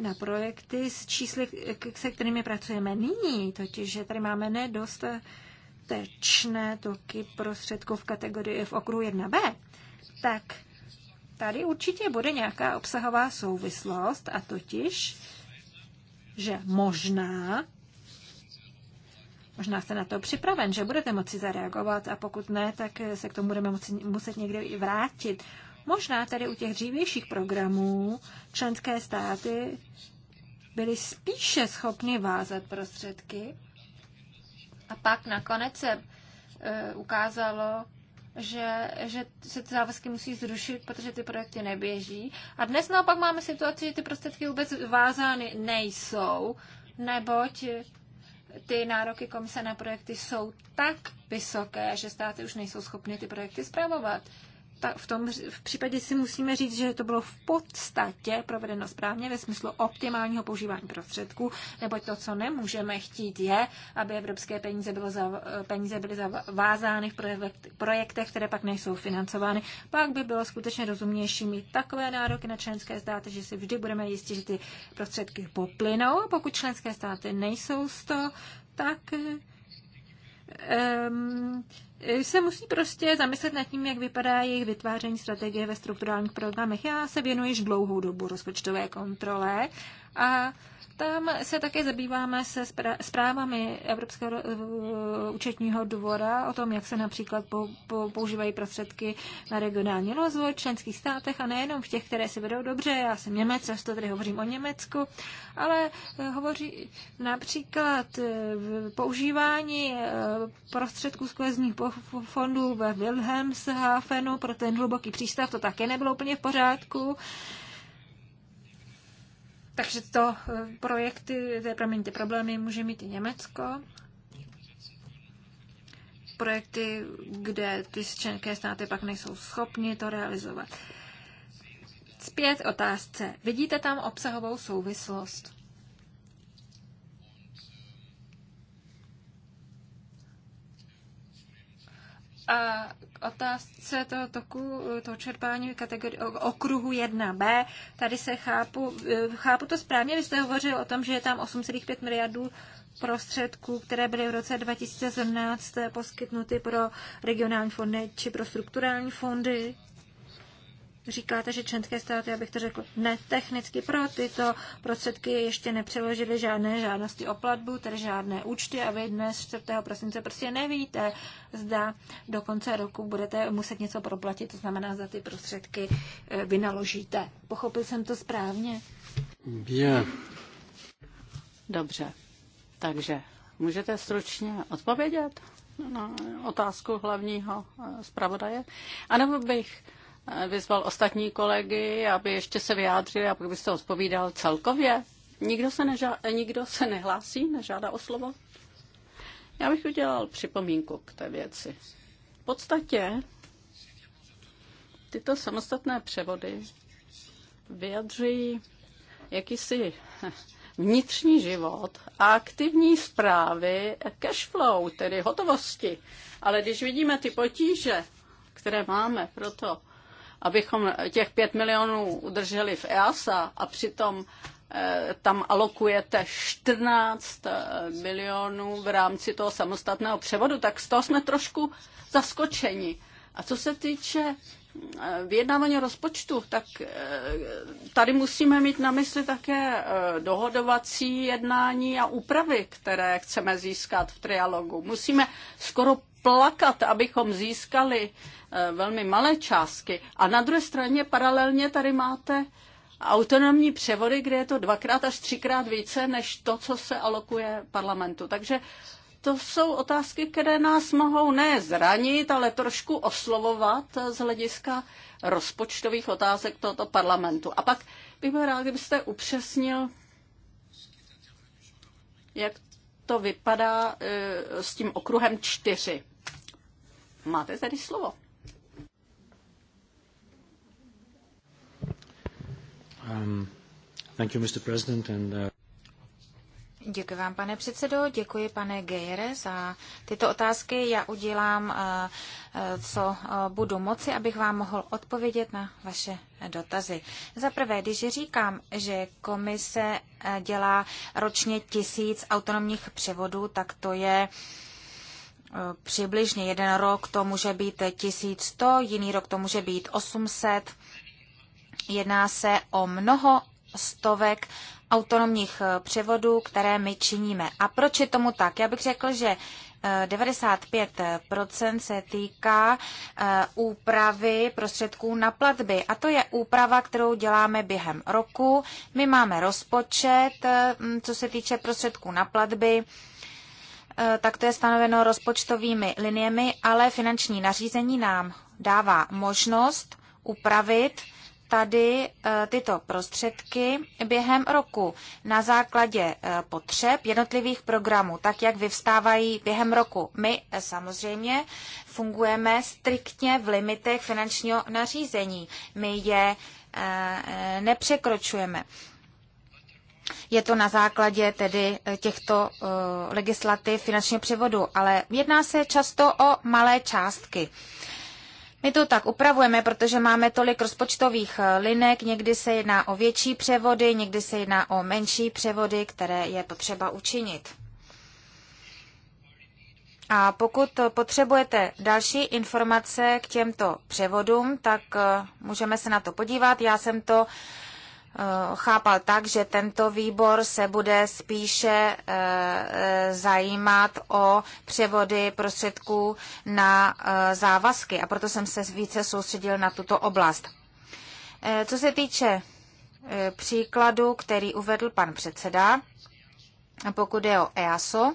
na projekty s čísly, se kterými pracujeme nyní, totiž, že tady máme nedost tečné toky prostředků v kategorii v okruhu 1b, tak tady určitě bude nějaká obsahová souvislost a totiž, že možná, možná jste na to připraven, že budete moci zareagovat a pokud ne, tak se k tomu budeme muset někde i vrátit. Možná tady u těch dřívějších programů členské státy byly spíše schopny vázat prostředky a pak nakonec se e, ukázalo, že, že se ty závazky musí zrušit, protože ty projekty neběží. A dnes naopak máme situaci, že ty prostředky vůbec vázány nejsou, neboť ty nároky komise na projekty jsou tak vysoké, že státy už nejsou schopny ty projekty zpravovat ta, v, tom, v případě si musíme říct, že to bylo v podstatě provedeno správně ve smyslu optimálního používání prostředků, neboť to, co nemůžeme chtít, je, aby evropské peníze, bylo za, peníze byly zavázány v projektech, které pak nejsou financovány. Pak by bylo skutečně rozumnější mít takové nároky na členské státy, že si vždy budeme jistit, že ty prostředky poplynou. Pokud členské státy nejsou z toho, tak. Um, se musí prostě zamyslet nad tím, jak vypadá jejich vytváření strategie ve strukturálních programech. Já se věnuji již dlouhou dobu rozpočtové kontrole a tam se také zabýváme se zprávami Evropského eh, účetního dvora o tom, jak se například používají prostředky na regionální rozvoj v členských státech a nejenom v těch, které se vedou dobře. Já jsem Němec, často tady hovořím o Německu, ale eh, hovoří například eh, v používání prostředků z kohezních fondů ve Wilhelmshafenu pro ten hluboký přístav, to také nebylo úplně v pořádku. Takže to e, projekty, to promiňte, problémy může mít i Německo. Projekty, kde ty členské státy pak nejsou schopni to realizovat. Zpět otázce. Vidíte tam obsahovou souvislost? A k otázce toho toku, toho čerpání kategorii, okruhu 1b, tady se chápu, e, chápu to správně, vy jste hovořil o tom, že je tam 8,5 miliardů prostředků, které byly v roce 2017 poskytnuty pro regionální fondy či pro strukturální fondy říkáte, že členské státy, abych to řekl, ne technicky pro tyto prostředky ještě nepřeložili žádné žádnosti o platbu, tedy žádné účty a vy dnes 4. prosince prostě nevíte, zda do konce roku budete muset něco proplatit, to znamená, za ty prostředky eh, vynaložíte. Pochopil jsem to správně? Yeah. Dobře, takže můžete stručně odpovědět na otázku hlavního eh, zpravodaje? A nebo bych vyzval ostatní kolegy, aby ještě se vyjádřili a pak byste odpovídal celkově. Nikdo se, neža- nikdo se nehlásí, nežádá o slovo? Já bych udělal připomínku k té věci. V podstatě tyto samostatné převody vyjadřují jakýsi vnitřní život a aktivní zprávy cash flow, tedy hotovosti. Ale když vidíme ty potíže, které máme pro to, abychom těch 5 milionů udrželi v EASA a přitom eh, tam alokujete 14 eh, milionů v rámci toho samostatného převodu, tak z toho jsme trošku zaskočeni. A co se týče eh, vyjednávání rozpočtu, tak tady musíme mít na mysli také dohodovací jednání a úpravy, které chceme získat v trialogu. Musíme skoro plakat, abychom získali eh, velmi malé částky. A na druhé straně paralelně tady máte autonomní převody, kde je to dvakrát až třikrát více než to, co se alokuje parlamentu. Takže to jsou otázky, které nás mohou ne zranit, ale trošku oslovovat eh, z hlediska rozpočtových otázek tohoto parlamentu. A pak bych byl rád, kdybyste upřesnil, jak to vypadá eh, s tím okruhem čtyři. Máte tady slovo. Um, thank you, Mr. President, and, uh... Děkuji vám, pane předsedo, děkuji, pane Gejere, za tyto otázky. Já udělám, uh, uh, co uh, budu moci, abych vám mohl odpovědět na vaše dotazy. Za prvé, když říkám, že komise dělá ročně tisíc autonomních převodů, tak to je Eh, přibližně. Jeden rok to může být 1100, jiný rok to může být 800. Jedná se o mnoho stovek autonomních eh, převodů, které my činíme. A proč je tomu tak? Já bych řekl, že 95% eh, se týká úpravy prostředků na platby. A to je úprava, kterou děláme během roku. My máme rozpočet, co se týče prostředků na platby Eh, tak to je stanoveno rozpočtovými liniemi, ale finanční nařízení nám dává možnost upravit tady eh, tyto prostředky během roku na základě eh, potřeb jednotlivých programů, tak jak vyvstávají během roku. My samozřejmě fungujeme striktně v limitech finančního nařízení. My je nepřekročujeme. Je to na základě tedy eh, těchto eh, legislativ finančního převodu, ale jedná se často o malé částky. My to tak upravujeme, protože máme tolik rozpočtových eh, linek, někdy se jedná o větší převody, někdy se jedná o menší převody, které je potřeba učinit. A pokud potřebujete další informace k těmto převodům, tak můžeme se na to podívat. Já jsem to Eh, chápal tak, že tento výbor se bude spíše eh, zajímat o převody prostředků na eh, závazky a proto jsem se více soustředil na tuto oblast. Co se týče příkladu, který uvedl pan předseda, pokud je o EASO,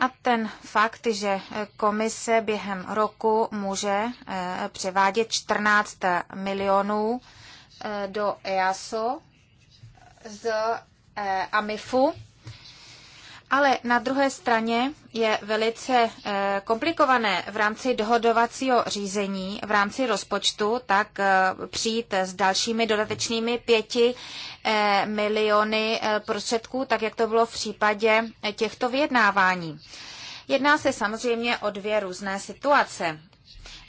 a ten fakt, že komise během roku může převádět 14 milionů Eh, do EASO z eh, AMIFu, ale na druhé straně je velice eh, komplikované v rámci dohodovacího řízení, v rámci rozpočtu, tak přijít s dalšími dodatečnými pěti miliony prostředků, tak jak to bylo v případě těchto vyjednávání. Jedná se samozřejmě o dvě různé situace.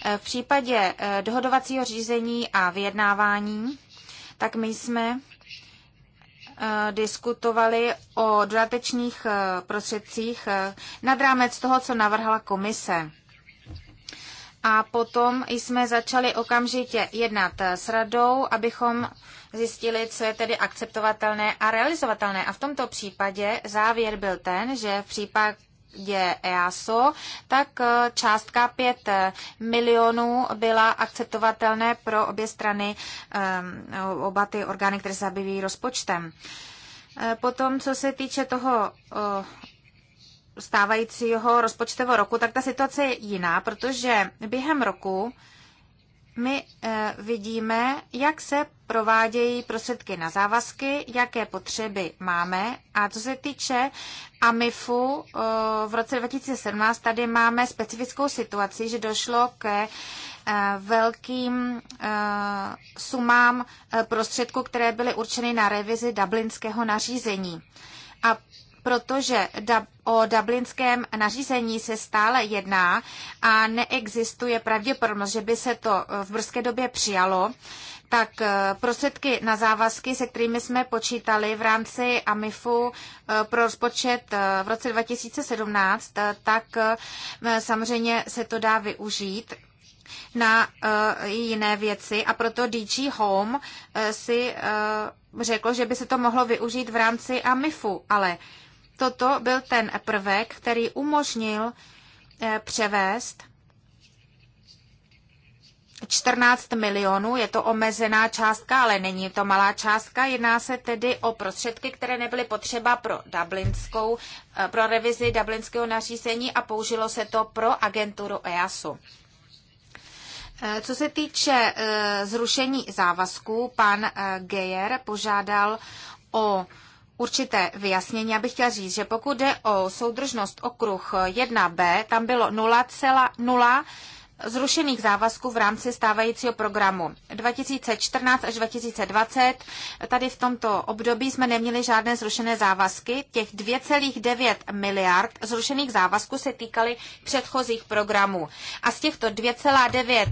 E, v případě e, dohodovacího řízení a vyjednávání, tak my jsme e, diskutovali o dodatečných prostředcích nad rámec toho, co navrhla komise. A potom jsme začali okamžitě jednat s radou, abychom zjistili, co je tedy akceptovatelné a realizovatelné. A v tomto případě závěr byl ten, že v případě je EASO, tak eh, částka 5 eh, milionů byla akceptovatelné pro obě strany, ehm, oba ty orgány, které se zabývají rozpočtem. Eh, potom, co se týče toho stávajícího rozpočtového roku, tak ta situace je jiná, protože během roku my eh, vidíme, jak se provádějí prostředky na závazky, jaké potřeby máme. A co se týče AMIFu, eh, v roce 2017 tady máme specifickou situaci, že došlo ke eh, velkým sumám prostředků, které byly určeny na revizi dublinského nařízení. A protože o dublinském nařízení se stále jedná a neexistuje pravděpodobnost, že by se to eh, v brzké době přijalo, tak eh, prostředky na závazky, se kterými jsme počítali v rámci AMIFu eh, pro rozpočet v roce 2017, tak samozřejmě se to dá využít na jiné věci a proto DG Home si řeklo, že by se to mohlo využít v rámci AMIFu, ale toto byl ten prvek, který umožnil eh, převést 14 milionů, je to omezená částka, ale není to malá částka. Jedná se tedy o prostředky, které nebyly potřeba pro dublinskou, eh, pro revizi dublinského nařízení a použilo se to pro agenturu EASu. Eh, co se týče zrušení závazků, pan Geyer požádal o určité vyjasnění. Já bych chtěla říct, že pokud jde o soudržnost okruh 1b, tam bylo 0,0 zrušených závazků v rámci stávajícího programu 2014 až 2020. Tady v tomto období jsme neměli žádné zrušené závazky. Těch 2,9 miliard zrušených závazků se týkaly předchozích programů. A z těchto 2,9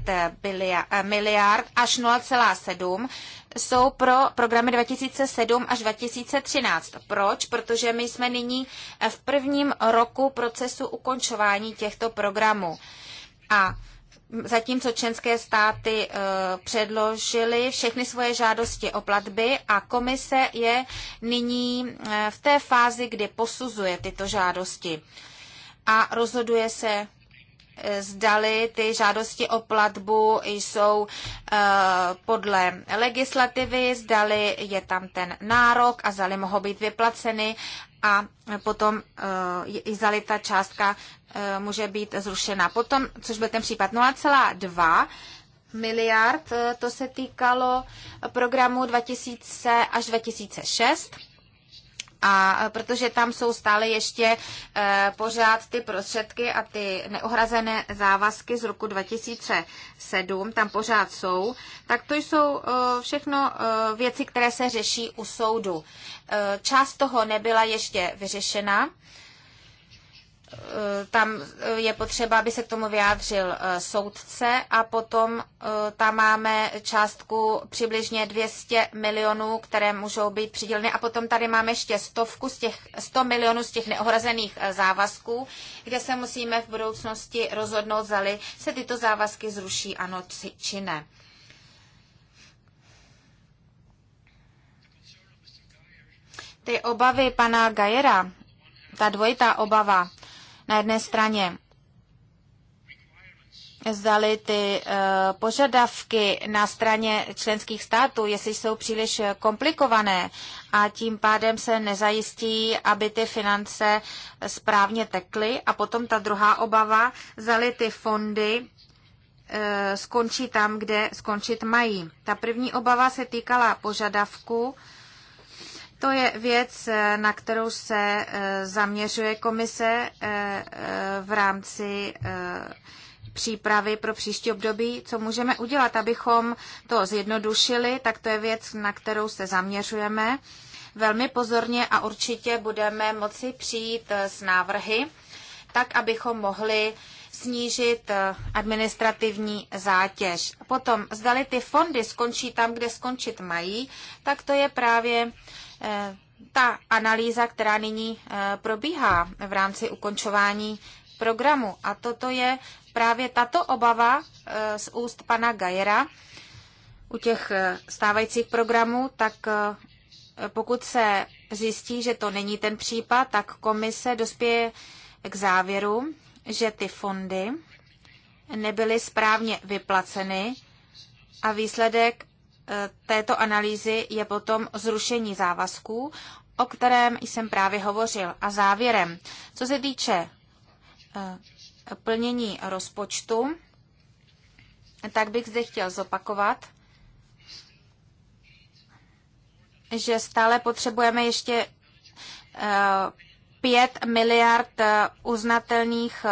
miliard až 0,7 jsou pro programy 2007 až 2013. Proč? Protože my jsme nyní v prvním roku procesu ukončování těchto programů. A Zatímco členské státy eh, předložily všechny svoje žádosti o platby a komise je nyní eh, v té fázi, kdy posuzuje tyto žádosti a rozhoduje se, eh, zdali ty žádosti o platbu jsou podle legislativy, zdali je tam ten nárok a zdali mohou být vyplaceny a potom eh, i zalita částka eh, může být zrušena. Potom, což byl ten případ 0,2 miliard, eh, to se týkalo programu 2000 až 2006 a e, protože tam jsou stále ještě e, pořád ty prostředky a ty neohrazené závazky z roku 2007, tam pořád jsou, tak to jsou e, všechno věci, které se řeší u soudu. Část toho nebyla ještě vyřešena Eh, tam eh, je potřeba, aby se k tomu vyjádřil eh, soudce a potom tam máme částku přibližně 200 milionů, které můžou být přiděleny a potom tady máme ještě stovku z těch 100 milionů z těch neohrazených závazků, kde se musíme v budoucnosti rozhodnout, zali se tyto závazky zruší ano či ne. Ty obavy pana Gajera, ta dvojitá obava, na jedné straně zdali ty eh, požadavky na straně členských států, jestli jsou příliš komplikované a tím pádem se nezajistí, aby ty finance správně tekly. A potom ta druhá obava, zdali ty fondy eh, skončí tam, kde skončit mají. Ta první obava se týkala požadavku to je věc, eh, na kterou se eh, zaměřuje komise eh, v rámci přípravy pro příští období, co můžeme udělat, abychom to zjednodušili, tak to je věc, na kterou se zaměřujeme velmi pozorně a určitě budeme moci přijít s návrhy, tak abychom mohli snížit administrativní zátěž. Potom, zdali ty fondy skončí tam, kde skončit mají, tak to je právě Eh, ta analýza, která nyní eh, probíhá v rámci ukončování programu. A toto je právě tato obava eh, z úst pana Gajera u těch stávajících programů, tak pokud se zjistí, že to není ten případ, tak komise dospěje k závěru, že ty fondy nebyly správně vyplaceny a výsledek této analýzy je potom zrušení závazků, o kterém jsem právě hovořil. A závěrem, co se týče eh, plnění rozpočtu, tak bych zde chtěl zopakovat, že stále potřebujeme ještě 5 eh, miliard eh, uznatelných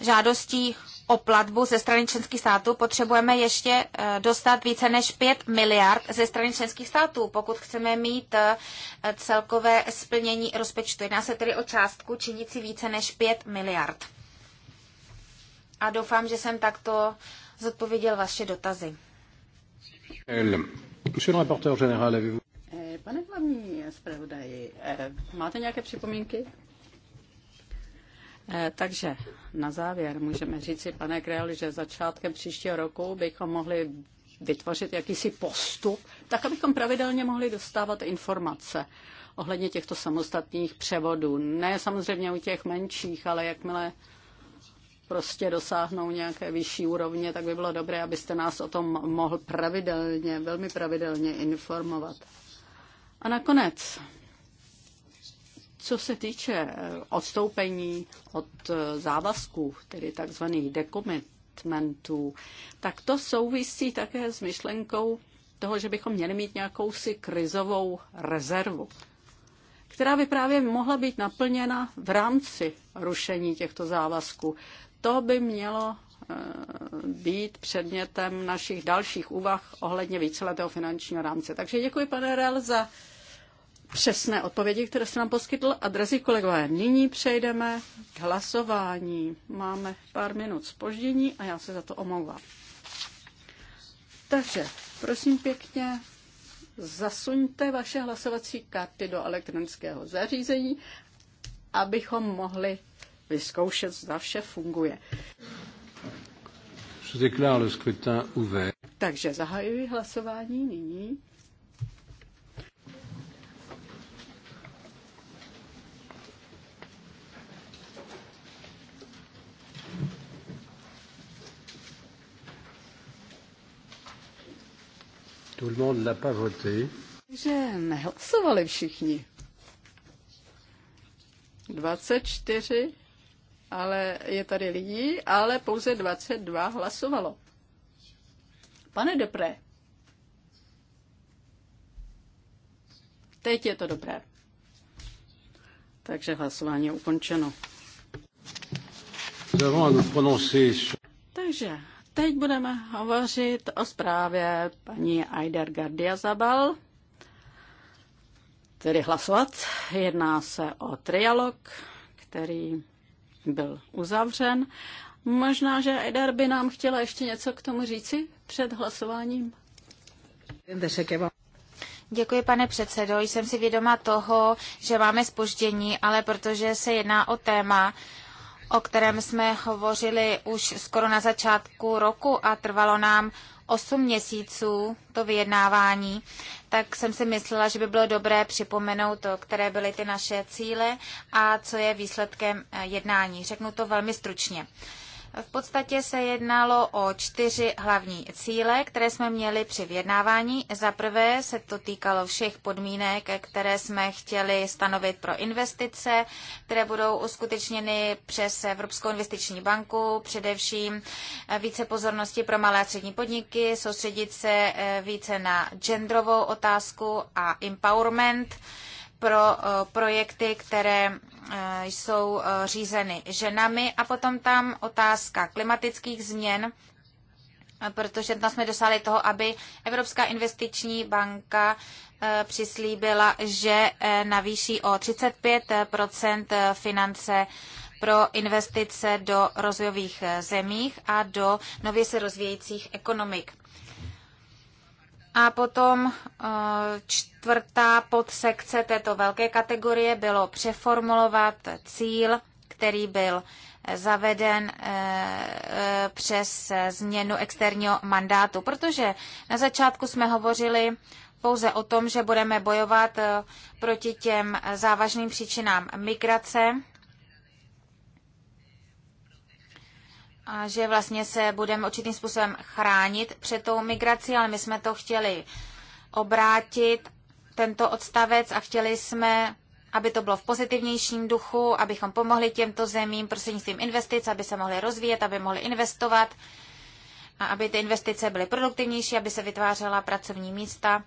žádostí o platbu ze strany členských států potřebujeme ještě eh, dostat více než 5 miliard ze strany členských států, pokud chceme mít eh, celkové splnění rozpočtu. Jedná se tedy o částku činící více než 5 miliard. A doufám, že jsem takto zodpověděl vaše dotazy. Eh, pane hlavní zpravodaji, máte nějaké připomínky? Eh, takže na závěr můžeme říci, pane Kreoli, že začátkem příštího roku bychom mohli vytvořit jakýsi postup, tak abychom pravidelně mohli dostávat informace ohledně těchto samostatných převodů. Ne samozřejmě u těch menších, ale jakmile prostě dosáhnou nějaké vyšší úrovně, tak by bylo dobré, abyste nás o tom mohl pravidelně, velmi pravidelně informovat. A nakonec co se týče eh, odstoupení od eh, závazků, tedy takzvaných dekomitmentů, tak to souvisí také s myšlenkou toho, že bychom měli mít nějakou si krizovou rezervu, která by právě mohla být naplněna v rámci rušení těchto závazků. To by mělo eh, být předmětem našich dalších úvah ohledně víceletého finančního rámce. Takže děkuji, pane Rel, za přesné odpovědi, které jste nám poskytl. A drazí kolegové, nyní přejdeme k hlasování. Máme pár minut spoždění a já se za to omlouvám. Takže, prosím pěkně, zasuňte vaše hlasovací karty do elektronického zařízení, abychom mohli vyzkoušet, zda vše funguje. Takže zahajuji hlasování nyní. Tout le monde pas voté. Že nehlasovali všichni. 24, ale je tady lidí, ale pouze 22 hlasovalo. Pane Depré. Teď je to dobré. Takže hlasování je ukončeno. Takže Teď budeme hovořit o zprávě paní Aider Gardiazabal, tedy hlasovat. Jedná se o trialog, který byl uzavřen. Možná, že Aider by nám chtěla ještě něco k tomu říci před hlasováním. Děkuji, pane předsedo. Jsem si vědoma toho, že máme spoždění, ale protože se jedná o téma, o kterém jsme hovořili už skoro na začátku roku a trvalo nám 8 měsíců to vyjednávání, tak jsem si myslela, že by bylo dobré připomenout to, které byly ty naše cíle a co je výsledkem eh, jednání. Řeknu to velmi stručně. V podstatě se jednalo o čtyři hlavní cíle, které jsme měli při vyjednávání. Za prvé se to týkalo všech podmínek, které jsme chtěli stanovit pro investice, které budou uskutečněny přes Evropskou investiční banku, především více pozornosti pro malé a střední podniky, soustředit se eh, více na genderovou otázku a empowerment pro eh, projekty, které eh, jsou eh, řízeny ženami. A potom tam otázka klimatických změn, protože tam jsme dosáhli toho, aby Evropská investiční banka přislíbila, že navýší o 35 finance pro investice do rozvojových zemích a do nově se rozvíjejících ekonomik. A potom eh, čtvrtá podsekce této velké kategorie bylo přeformulovat cíl, který byl eh, zaveden eh, přes změnu externího mandátu, protože na začátku jsme hovořili pouze o tom, že budeme bojovat proti těm závažným příčinám migrace a že vlastně se budeme určitým způsobem chránit před tou migrací, ale my jsme to chtěli obrátit, tento odstavec, a chtěli jsme, aby to bylo v pozitivnějším duchu, abychom pomohli těmto zemím prostřednictvím investic, aby se mohly rozvíjet, aby mohly investovat a aby ty investice byly produktivnější, aby se vytvářela pracovní místa.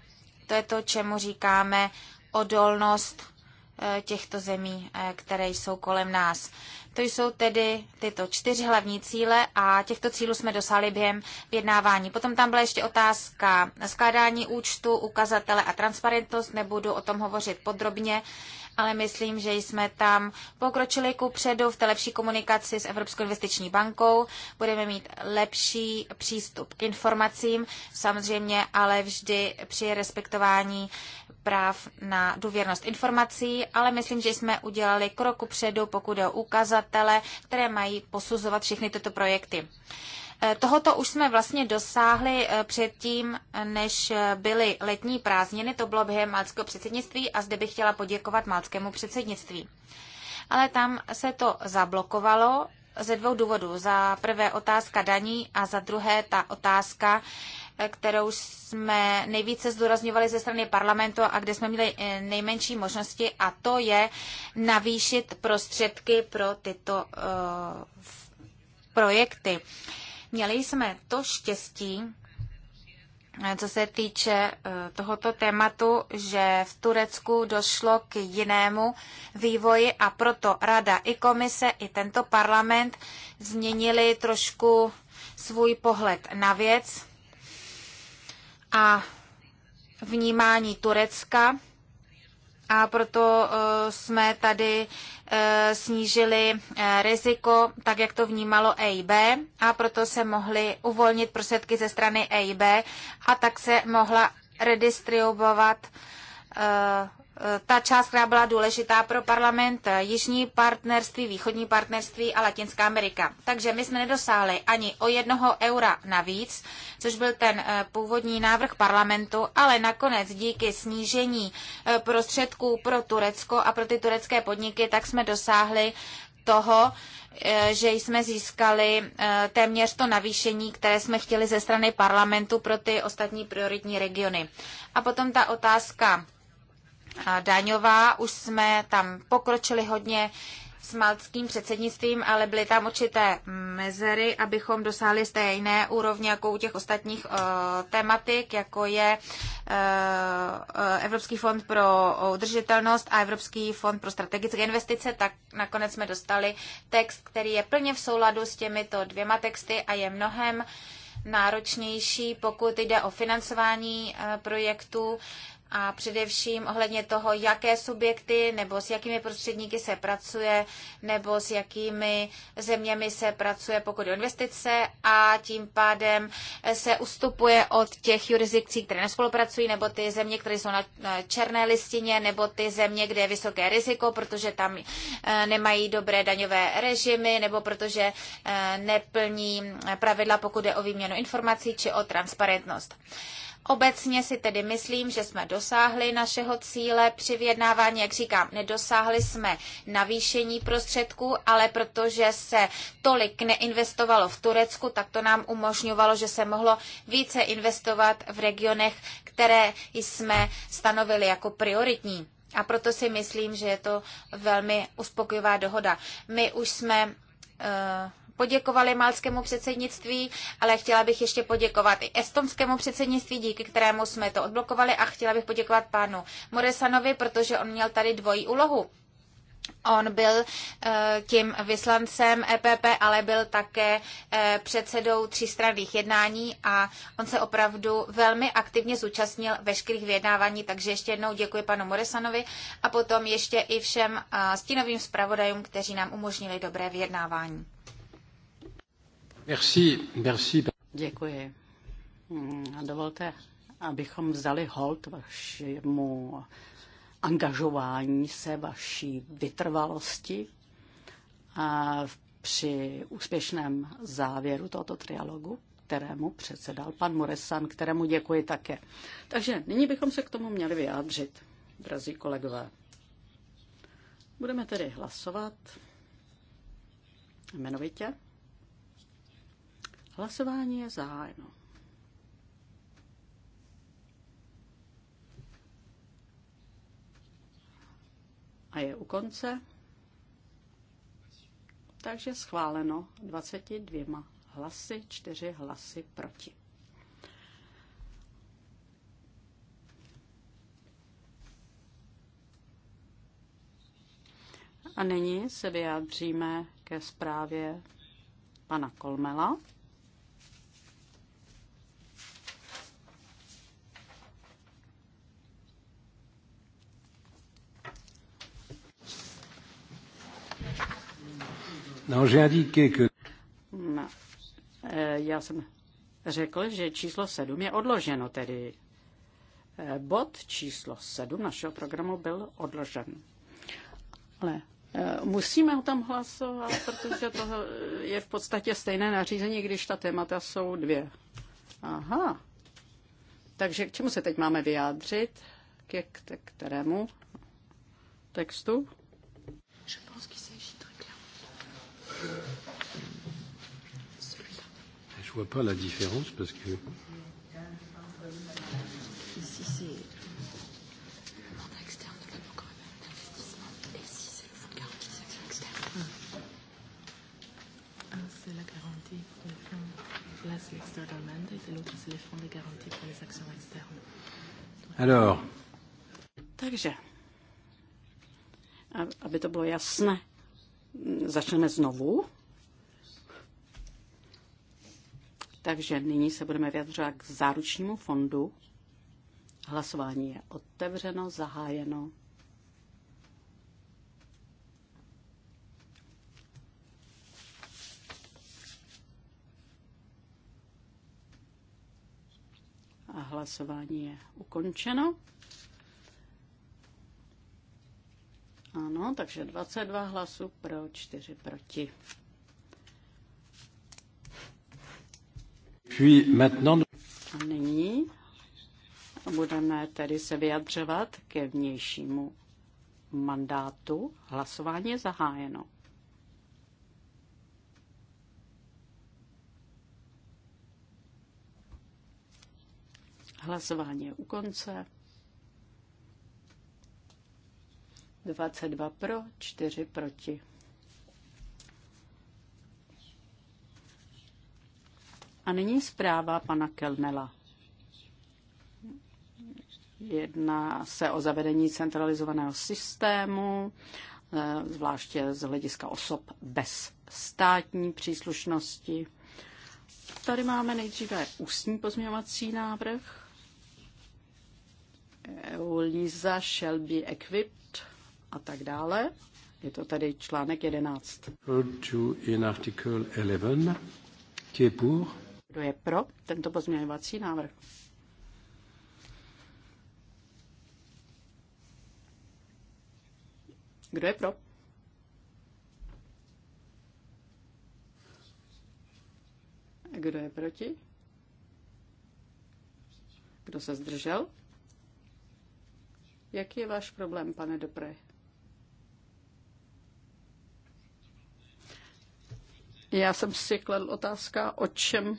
To je to, čemu říkáme odolnost Eh, těchto zemí, eh, které jsou kolem nás. To jsou tedy tyto čtyři hlavní cíle a těchto cílů jsme dosáhli během vyjednávání. Potom tam byla ještě otázka skládání účtu, ukazatele a transparentnost. Nebudu o tom hovořit podrobně, ale myslím, že jsme tam pokročili ku předu v té lepší komunikaci s Evropskou investiční bankou. Budeme mít lepší přístup k informacím, samozřejmě, ale vždy při respektování práv na důvěrnost informací, ale myslím, že jsme udělali kroku předu, pokud je o ukazatele, které mají posuzovat všechny tyto projekty. Eh, tohoto už jsme vlastně dosáhli eh, předtím, než eh, byly letní prázdniny, to bylo během malckého předsednictví a zde bych chtěla poděkovat malckému předsednictví. Ale tam se to zablokovalo ze dvou důvodů. Za prvé otázka daní a za druhé ta otázka, kterou jsme nejvíce zdůrazňovali ze strany parlamentu a kde jsme měli nejmenší možnosti, a to je navýšit prostředky pro tyto uh, projekty. Uh, Měli jsme to štěstí, co se týče eh, tohoto tématu, že v Turecku došlo k jinému vývoji a proto Rada i komise, i tento parlament změnili trošku svůj pohled na věc a vnímání Turecka. A proto eh, jsme tady Eh, snížili eh, riziko, tak jak to vnímalo EIB a proto se mohly uvolnit prostředky ze strany EIB a tak se mohla redistribuovat eh, ta část, která byla důležitá pro parlament, eh, jižní partnerství, východní partnerství a Latinská Amerika. Takže my jsme nedosáhli ani o jednoho eura navíc, což byl ten eh, původní návrh parlamentu, ale nakonec díky snížení eh, prostředků pro Turecko a pro ty turecké podniky, tak jsme dosáhli toho, že jsme získali téměř to navýšení, které jsme chtěli ze strany parlamentu pro ty ostatní prioritní regiony. A potom ta otázka daňová. Už jsme tam pokročili hodně s maltským předsednictvím, ale byly tam určité mezery, abychom dosáhli stejné úrovně jako u těch ostatních uh, tematik, jako je uh, Evropský fond pro udržitelnost a Evropský fond pro strategické investice, tak nakonec jsme dostali text, který je plně v souladu s těmito dvěma texty a je mnohem náročnější, pokud jde o financování uh, projektů. Uh, a především ohledně toho, jaké subjekty nebo s jakými prostředníky se pracuje, nebo s jakými zeměmi se pracuje, pokud investice a tím pádem se ustupuje od těch jurisdikcí, které nespolupracují, nebo ty země, které jsou na černé listině, nebo ty země, kde je vysoké riziko, protože tam eh, nemají dobré daňové režimy, nebo protože eh, neplní pravidla, pokud je o výměnu informací či o transparentnost. Obecně si tedy myslím, že jsme dosáhli našeho cíle při vyjednávání. Jak říkám, nedosáhli jsme navýšení prostředků, ale protože se tolik neinvestovalo v Turecku, tak to nám umožňovalo, že se mohlo více investovat v regionech, které jsme stanovili jako prioritní. A proto si myslím, že je to velmi uspokojivá dohoda. My už jsme. Uh, poděkovali malskému předsednictví, ale chtěla bych ještě poděkovat i estonskému předsednictví, díky kterému jsme to odblokovali a chtěla bych poděkovat pánu Moresanovi, protože on měl tady dvojí úlohu. On byl eh, tím vyslancem EPP, ale byl také eh, předsedou třístranných jednání a on se opravdu velmi aktivně zúčastnil veškerých vyjednávání, takže ještě jednou děkuji panu Moresanovi a potom ještě i všem eh, stínovým zpravodajům, kteří nám umožnili dobré vyjednávání. Merci, merci. Děkuji. Mm, a dovolte, abychom vzali hold vašemu angažování se, vaší vytrvalosti a při úspěšném závěru tohoto trialogu, kterému předsedal pan Muresan, kterému děkuji také. Takže nyní bychom se k tomu měli vyjádřit, drazí kolegové. Budeme tedy hlasovat jmenovitě. Hlasování je zahájeno. A je u konce. Takže schváleno 22 hlasy, 4 hlasy proti. A nyní se vyjádříme ke zprávě pana Kolmela. No, že indiqué, que... no, eh, já jsem řekl, že číslo sedm je odloženo, tedy eh, bod číslo sedm našeho programu byl odložen. Ale eh, musíme o tom hlasovat, protože to je v podstatě stejné nařízení, když ta témata jsou dvě. Aha. Takže k čemu se teď máme vyjádřit? K, k, k kterému textu? Je pense je vois pas la différence parce que. Ici, c'est mandat externe de la Banque européenne d'investissement et ici, c'est le fonds de garantie des actions externes. Un, ah, c'est la garantie pour fonds. Là, c'est l'external mandate et l'autre, c'est fonds de garantie pour les actions externes. Alors. Takže, aby to bylo jasné, začneme znovu. Takže nyní se budeme vyjadřovat k záručnímu fondu. Hlasování je otevřeno, zahájeno. A hlasování je ukončeno. Ano, takže 22 hlasů pro, 4 proti. Puis maintenant... A nyní budeme tedy se vyjadřovat ke vnějšímu mandátu. Hlasování je zahájeno. Hlasování je u konce. 22 pro, 4 proti. A nyní zpráva pana Kelnela. Jedná se o zavedení centralizovaného systému, eh, zvláště z hlediska osob bez státní příslušnosti. Tady máme nejdříve ústní pozměňovací návrh. Liza Shelby Equip a tak dále. Je to tady článek 11. Kdo je pro tento pozměňovací návrh? Kdo je pro? Kdo je proti? Kdo se zdržel? Jaký je váš problém, pane Dopre? Já jsem si kladl otázka, o čem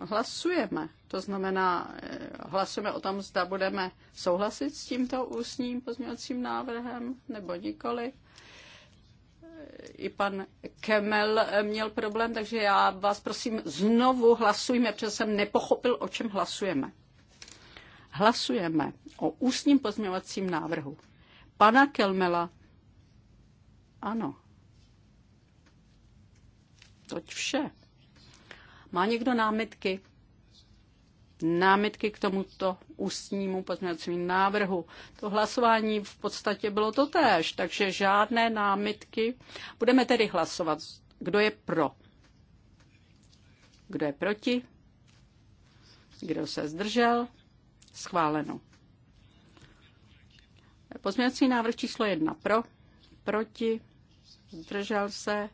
hlasujeme. To znamená, eh, hlasujeme o tom, zda budeme souhlasit s tímto ústním pozměňovacím návrhem nebo nikoli. Eh, I pan Kemel eh, měl problém, takže já vás prosím, znovu hlasujme, protože jsem nepochopil, o čem hlasujeme. Hlasujeme o ústním pozměňovacím návrhu. Pana Kelmela. Ano, Toť vše. Má někdo námitky? Námitky k tomuto ústnímu pozměňovacímu návrhu. To hlasování v podstatě bylo to též, takže žádné námitky. Budeme tedy hlasovat. Kdo je pro? Kdo je proti? Kdo se zdržel? Schváleno. Pozměňovací návrh číslo jedna. pro, proti, zdržel se,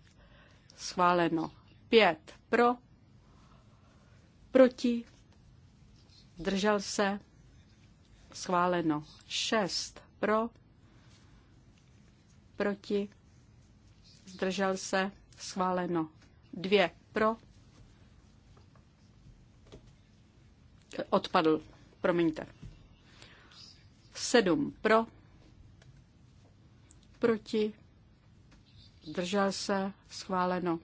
schváleno. 5 pro, proti, zdržel se, schváleno. 6 pro, proti, zdržel se, schváleno. 2 pro, odpadl, promiňte. 7 pro, proti, zdržel se, schváleno.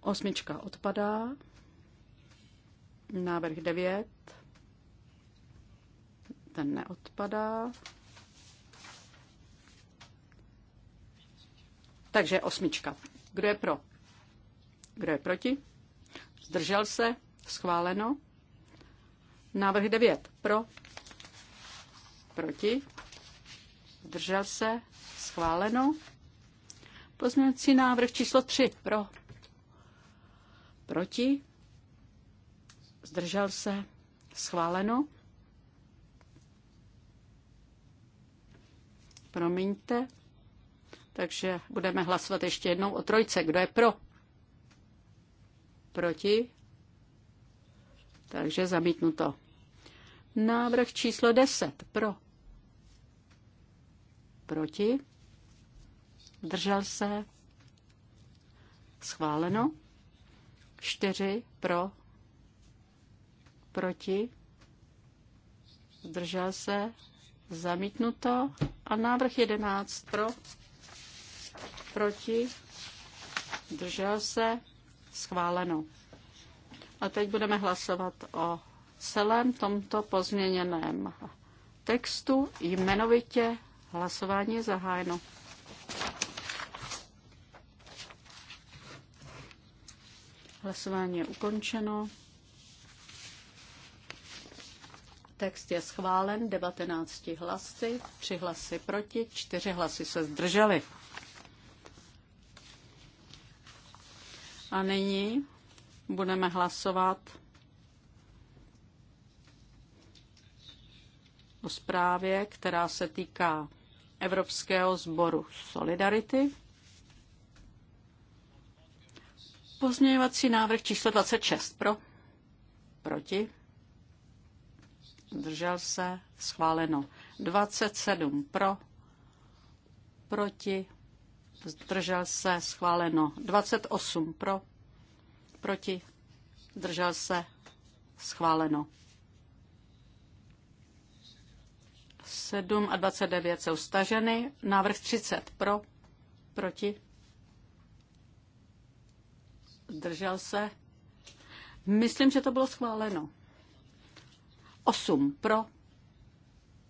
Osmička odpadá. Návrh 9. Ten neodpadá. Takže osmička. Kdo je pro? Kdo je proti? Zdržel se? Schváleno. Návrh 9. Pro? Proti? zdržel se, schváleno. Pozměňující návrh číslo 3 pro, proti, zdržel se, schváleno. Promiňte. Takže budeme hlasovat ještě jednou o trojce. Kdo je pro? Proti? Takže zamítnuto. Návrh číslo 10. Pro proti, držel se, schváleno, čtyři pro, proti, zdržel se, zamítnuto a návrh jedenáct pro, proti, zdržel se, schváleno. A teď budeme hlasovat o celém tomto pozměněném textu jmenovitě Hlasování je zahájeno. Hlasování je ukončeno. Text je schválen 19 hlasy, 3 hlasy proti, 4 hlasy se zdržely. A nyní budeme hlasovat o zprávě, která se týká Evropského sboru Solidarity. Pozměňovací návrh číslo 26 pro, proti, držel se, schváleno. 27 pro, proti, zdržel se, schváleno. 28 pro, proti, držel se, schváleno. 7 a 29 jsou staženy. Návrh 30 pro, proti. Zdržel se. Myslím, že to bylo schváleno. 8 pro,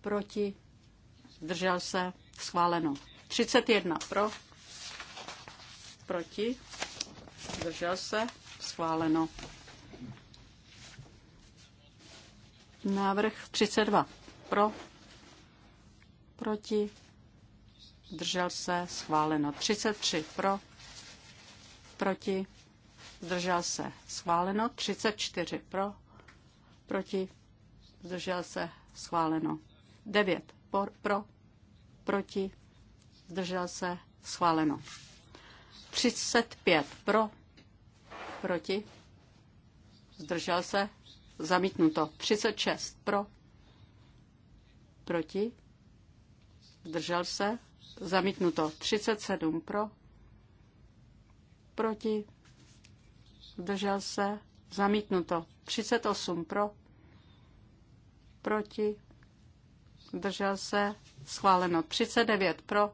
proti. Zdržel se. Schváleno. 31 pro, proti. Zdržel se. Schváleno. Návrh 32 pro, proti, zdržel se, schváleno 33 pro, proti, zdržel se, schváleno 34 pro, proti, zdržel se, schváleno 9 por, pro, proti, zdržel se, schváleno 35 pro, proti, zdržel se, zamítnuto 36 pro, proti, zdržel se, zamítnuto 37 pro, proti, zdržel se, zamítnuto 38 pro, proti, zdržel se, schváleno 39 pro,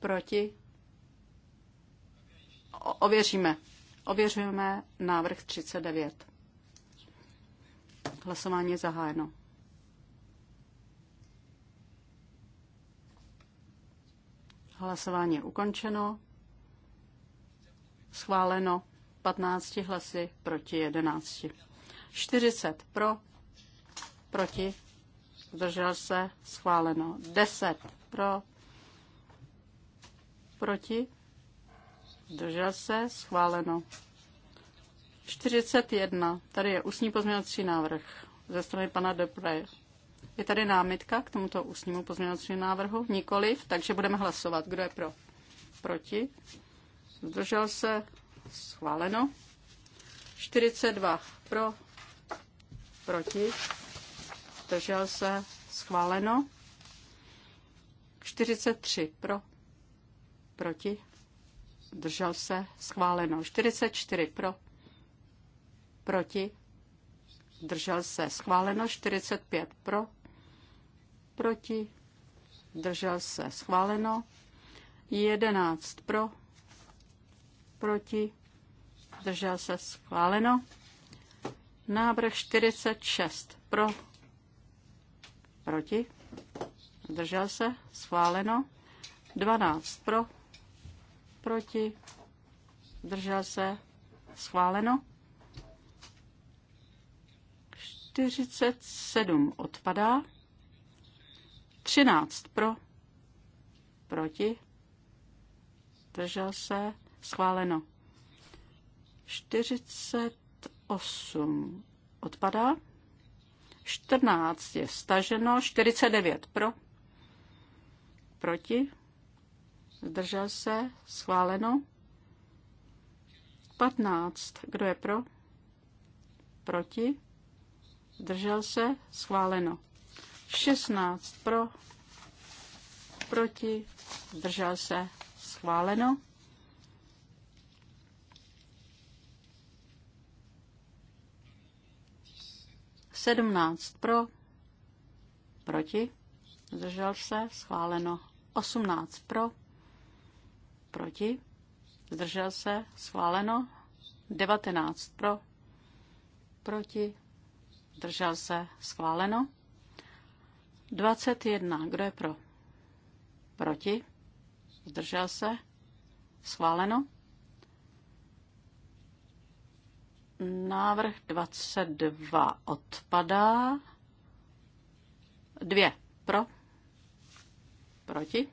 proti, o- ověříme, ověřujeme návrh 39. Hlasování je zahájeno. Hlasování je ukončeno. Schváleno 15 hlasy proti 11. 40 pro, proti, zdržel se, schváleno 10 pro, proti, zdržel se, schváleno 41. Tady je ústní pozměňovací návrh ze strany pana Depreje. Je tady námitka k tomuto ústnímu pozměňovacímu návrhu? Nikoliv, takže budeme hlasovat. Kdo je pro? Proti? Zdržel se? Schváleno. 42 pro, proti, zdržel se, schváleno. 43 pro, proti, zdržel se, schváleno. 44 pro, proti, zdržel se, schváleno. 45 pro, proti, držel se schváleno, 11 pro, proti, držel se schváleno, návrh 46 pro, proti, držel se schváleno, 12 pro, proti, držel se schváleno, 47 odpadá, 13 pro, proti, držel se, schváleno. 48 odpadá, 14 je staženo, 49 pro, proti, zdržel se, schváleno. 15, kdo je pro, proti, zdržel se, schváleno. 16 pro, proti, zdržel se, schváleno. Sedmnáct pro, proti, zdržel se, schváleno. Osmnáct pro, proti, zdržel se, schváleno. Devatenáct pro, proti, zdržel se, schváleno. 21. Kdo je pro? Proti? Zdržel se? Schváleno? Návrh 22 odpadá. Dvě pro. Proti.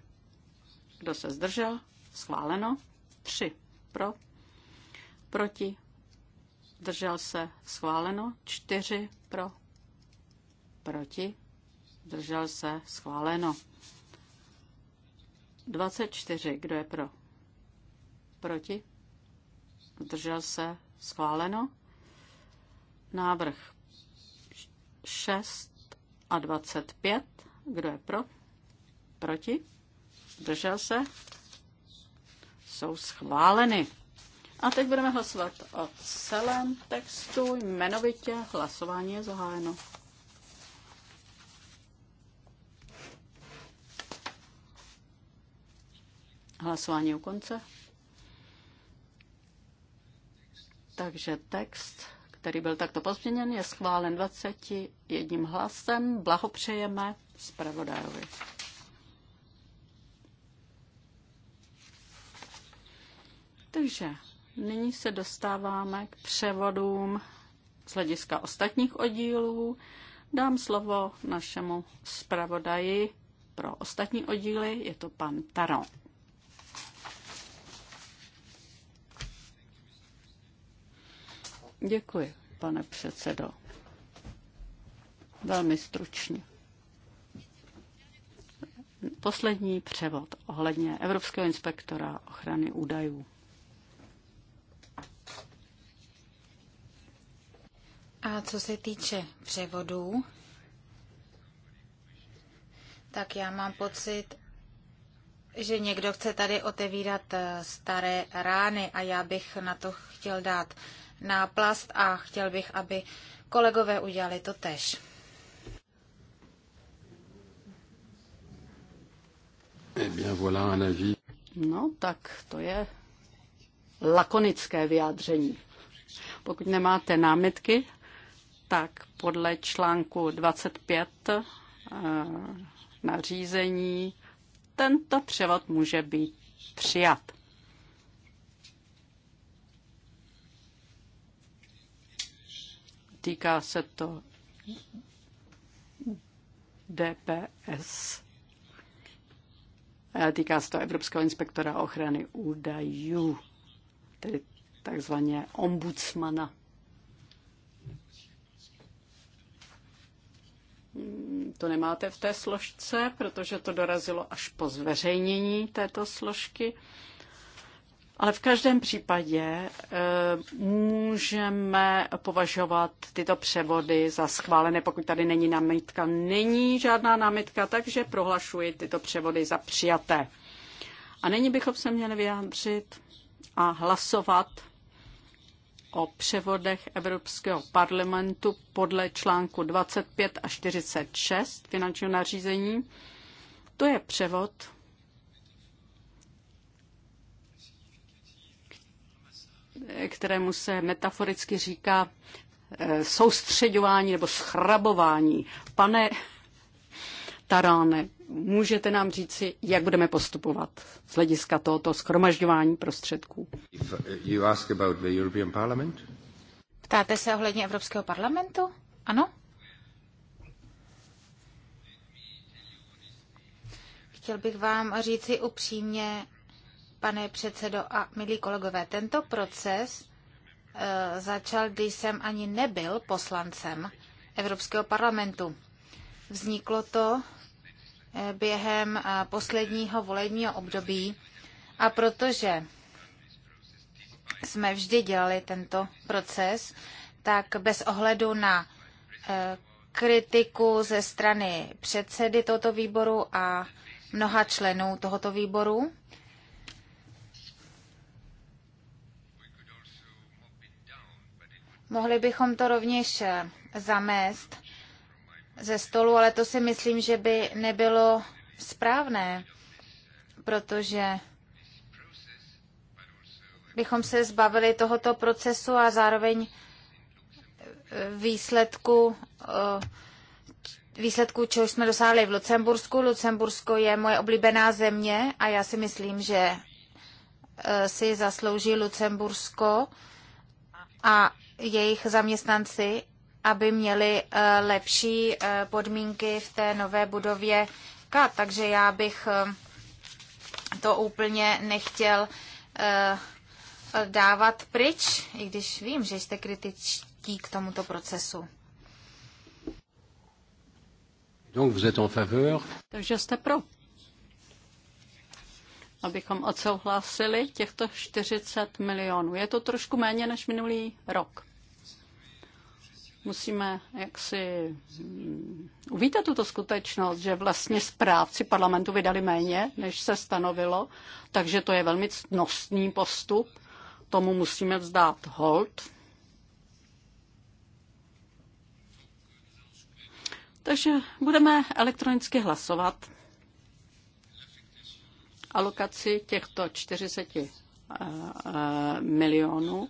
Kdo se zdržel? Schváleno. Tři pro. Proti. Zdržel se? Schváleno. Čtyři pro. Proti Zdržel se? Schváleno. 24. Kdo je pro? Proti? Zdržel se? Schváleno. Návrh 6 a 25. Kdo je pro? Proti? Zdržel se? Jsou schváleny. A teď budeme hlasovat o celém textu jmenovitě. Hlasování je zahájeno. Hlasování u konce. Takže text, který byl takto pozměněn, je schválen 21 hlasem. Blahopřejeme zpravodajovi. Takže nyní se dostáváme k převodům z hlediska ostatních oddílů. Dám slovo našemu zpravodaji pro ostatní oddíly, je to pan Taron. Děkuji, pane předsedo. Velmi stručně. Poslední převod ohledně Evropského inspektora ochrany údajů. A co se týče převodů, tak já mám pocit, že někdo chce tady otevírat eh, staré rány a já bych na to chtěl dát náplast a chtěl bych, aby kolegové udělali to tež. Eh no, tak to je lakonické vyjádření. Pokud nemáte námitky, tak podle článku 25 eh, nařízení tento převod může být přijat. Týká se to DPS. Týká se to Evropského inspektora ochrany údajů, tedy takzvaně ombudsmana. To nemáte v té složce, protože to dorazilo až po zveřejnění této složky. Ale v každém případě eh, můžeme považovat tyto převody za schválené, pokud tady není námitka. Není žádná námitka, takže prohlašuji tyto převody za přijaté. A nyní bychom se měli vyjádřit a hlasovat o převodech Evropského parlamentu podle článku 25 a 46 finančního nařízení. To je převod kterému se metaforicky říká e, soustředování nebo schrabování. Pane Taráne, můžete nám říci, jak budeme postupovat z hlediska tohoto schromažďování prostředků? Uh, Ptáte se ohledně Evropského parlamentu? Ano? Chtěl bych vám říci upřímně, pane předsedo a milí kolegové. Tento proces e, začal, když jsem ani nebyl poslancem Evropského parlamentu. Vzniklo to e, během e, posledního volebního období a protože jsme vždy dělali tento proces, tak bez ohledu na kritiku ze strany předsedy tohoto výboru a mnoha členů tohoto výboru, Mohli bychom to rovněž eh, zamést ze stolu, ale to si myslím, že by nebylo správné, protože bychom se zbavili tohoto procesu a zároveň eh, výsledku, eh, výsledku čeho jsme dosáhli v Lucembursku. Lucembursko je moje oblíbená země a já si myslím, že si zaslouží Lucembursko a jejich zaměstnanci, aby měli eh, lepší eh, podmínky v té nové budově K. Takže já bych eh, to úplně nechtěl dávat pryč, i když vím, že jste kritičtí k tomuto procesu. Donc vous êtes en faveur. Takže jste pro. Abychom odsouhlasili těchto 40 milionů. Je to trošku méně než minulý rok musíme jaksi mm, uvítat tuto skutečnost, že vlastně správci parlamentu vydali méně, než se stanovilo, takže to je velmi cnostný postup. Tomu musíme vzdát hold. Takže budeme elektronicky hlasovat alokaci těchto 40 eh, eh, milionů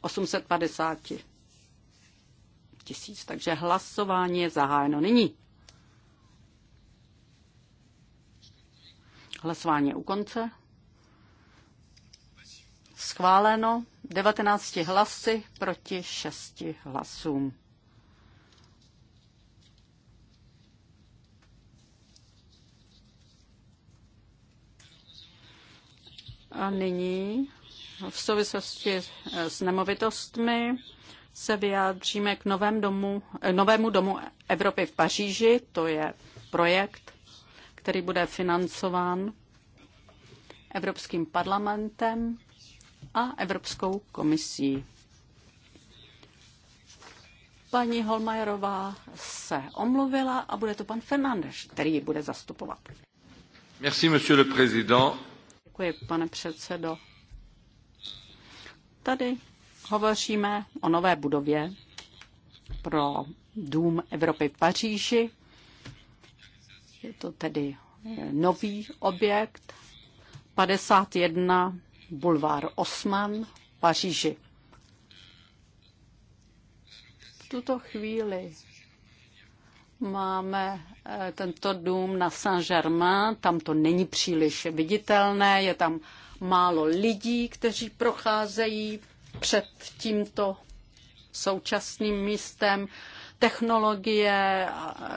850 tisíc, takže hlasování je zahájeno nyní. Hlasování je u konce. Schváleno 19 hlasy proti 6 hlasům. A nyní v souvislosti s nemovitostmi se vyjádříme k novém domu, novému domu Evropy v Paříži. To je projekt, který bude financován Evropským parlamentem a Evropskou komisí. Paní Holmajerová se omluvila a bude to pan Fernández, který ji bude zastupovat. Merci, monsieur le président. Děkuji, pane předsedo. Tady hovoříme o nové budově pro Dům Evropy v Paříži. Je to tedy eh, nový objekt 51 boulevard Osman v Paříži. V tuto chvíli máme eh, tento dům na Saint-Germain, tam to není příliš viditelné, je tam málo lidí, kteří procházejí před tímto současným místem. Technologie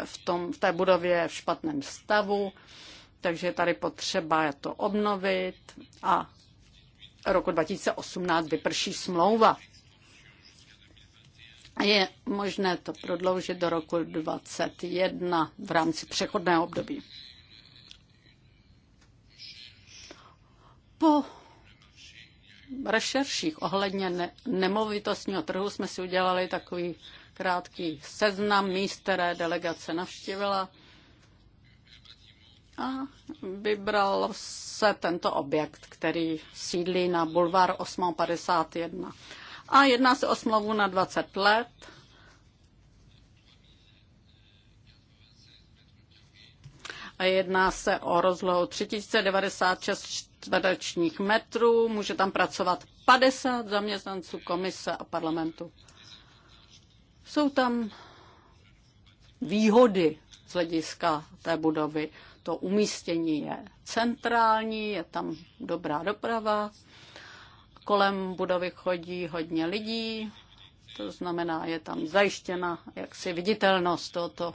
v, tom, v té budově je v špatném stavu, takže je tady potřeba je to obnovit a roku 2018 vyprší smlouva. Je možné to prodloužit do roku 2021 v rámci přechodného období. Po rešerších ohledně ne- nemovitostního trhu jsme si udělali takový krátký seznam míst, které delegace navštívila. A vybral se tento objekt, který sídlí na bulvár 851. A jedná se o smlouvu na 20 let. A jedná se o rozlohu 3096 čtverečních metrů, může tam pracovat 50 zaměstnanců komise a parlamentu. Jsou tam výhody z hlediska té budovy. To umístění je centrální, je tam dobrá doprava, kolem budovy chodí hodně lidí, to znamená, je tam zajištěna jaksi viditelnost tohoto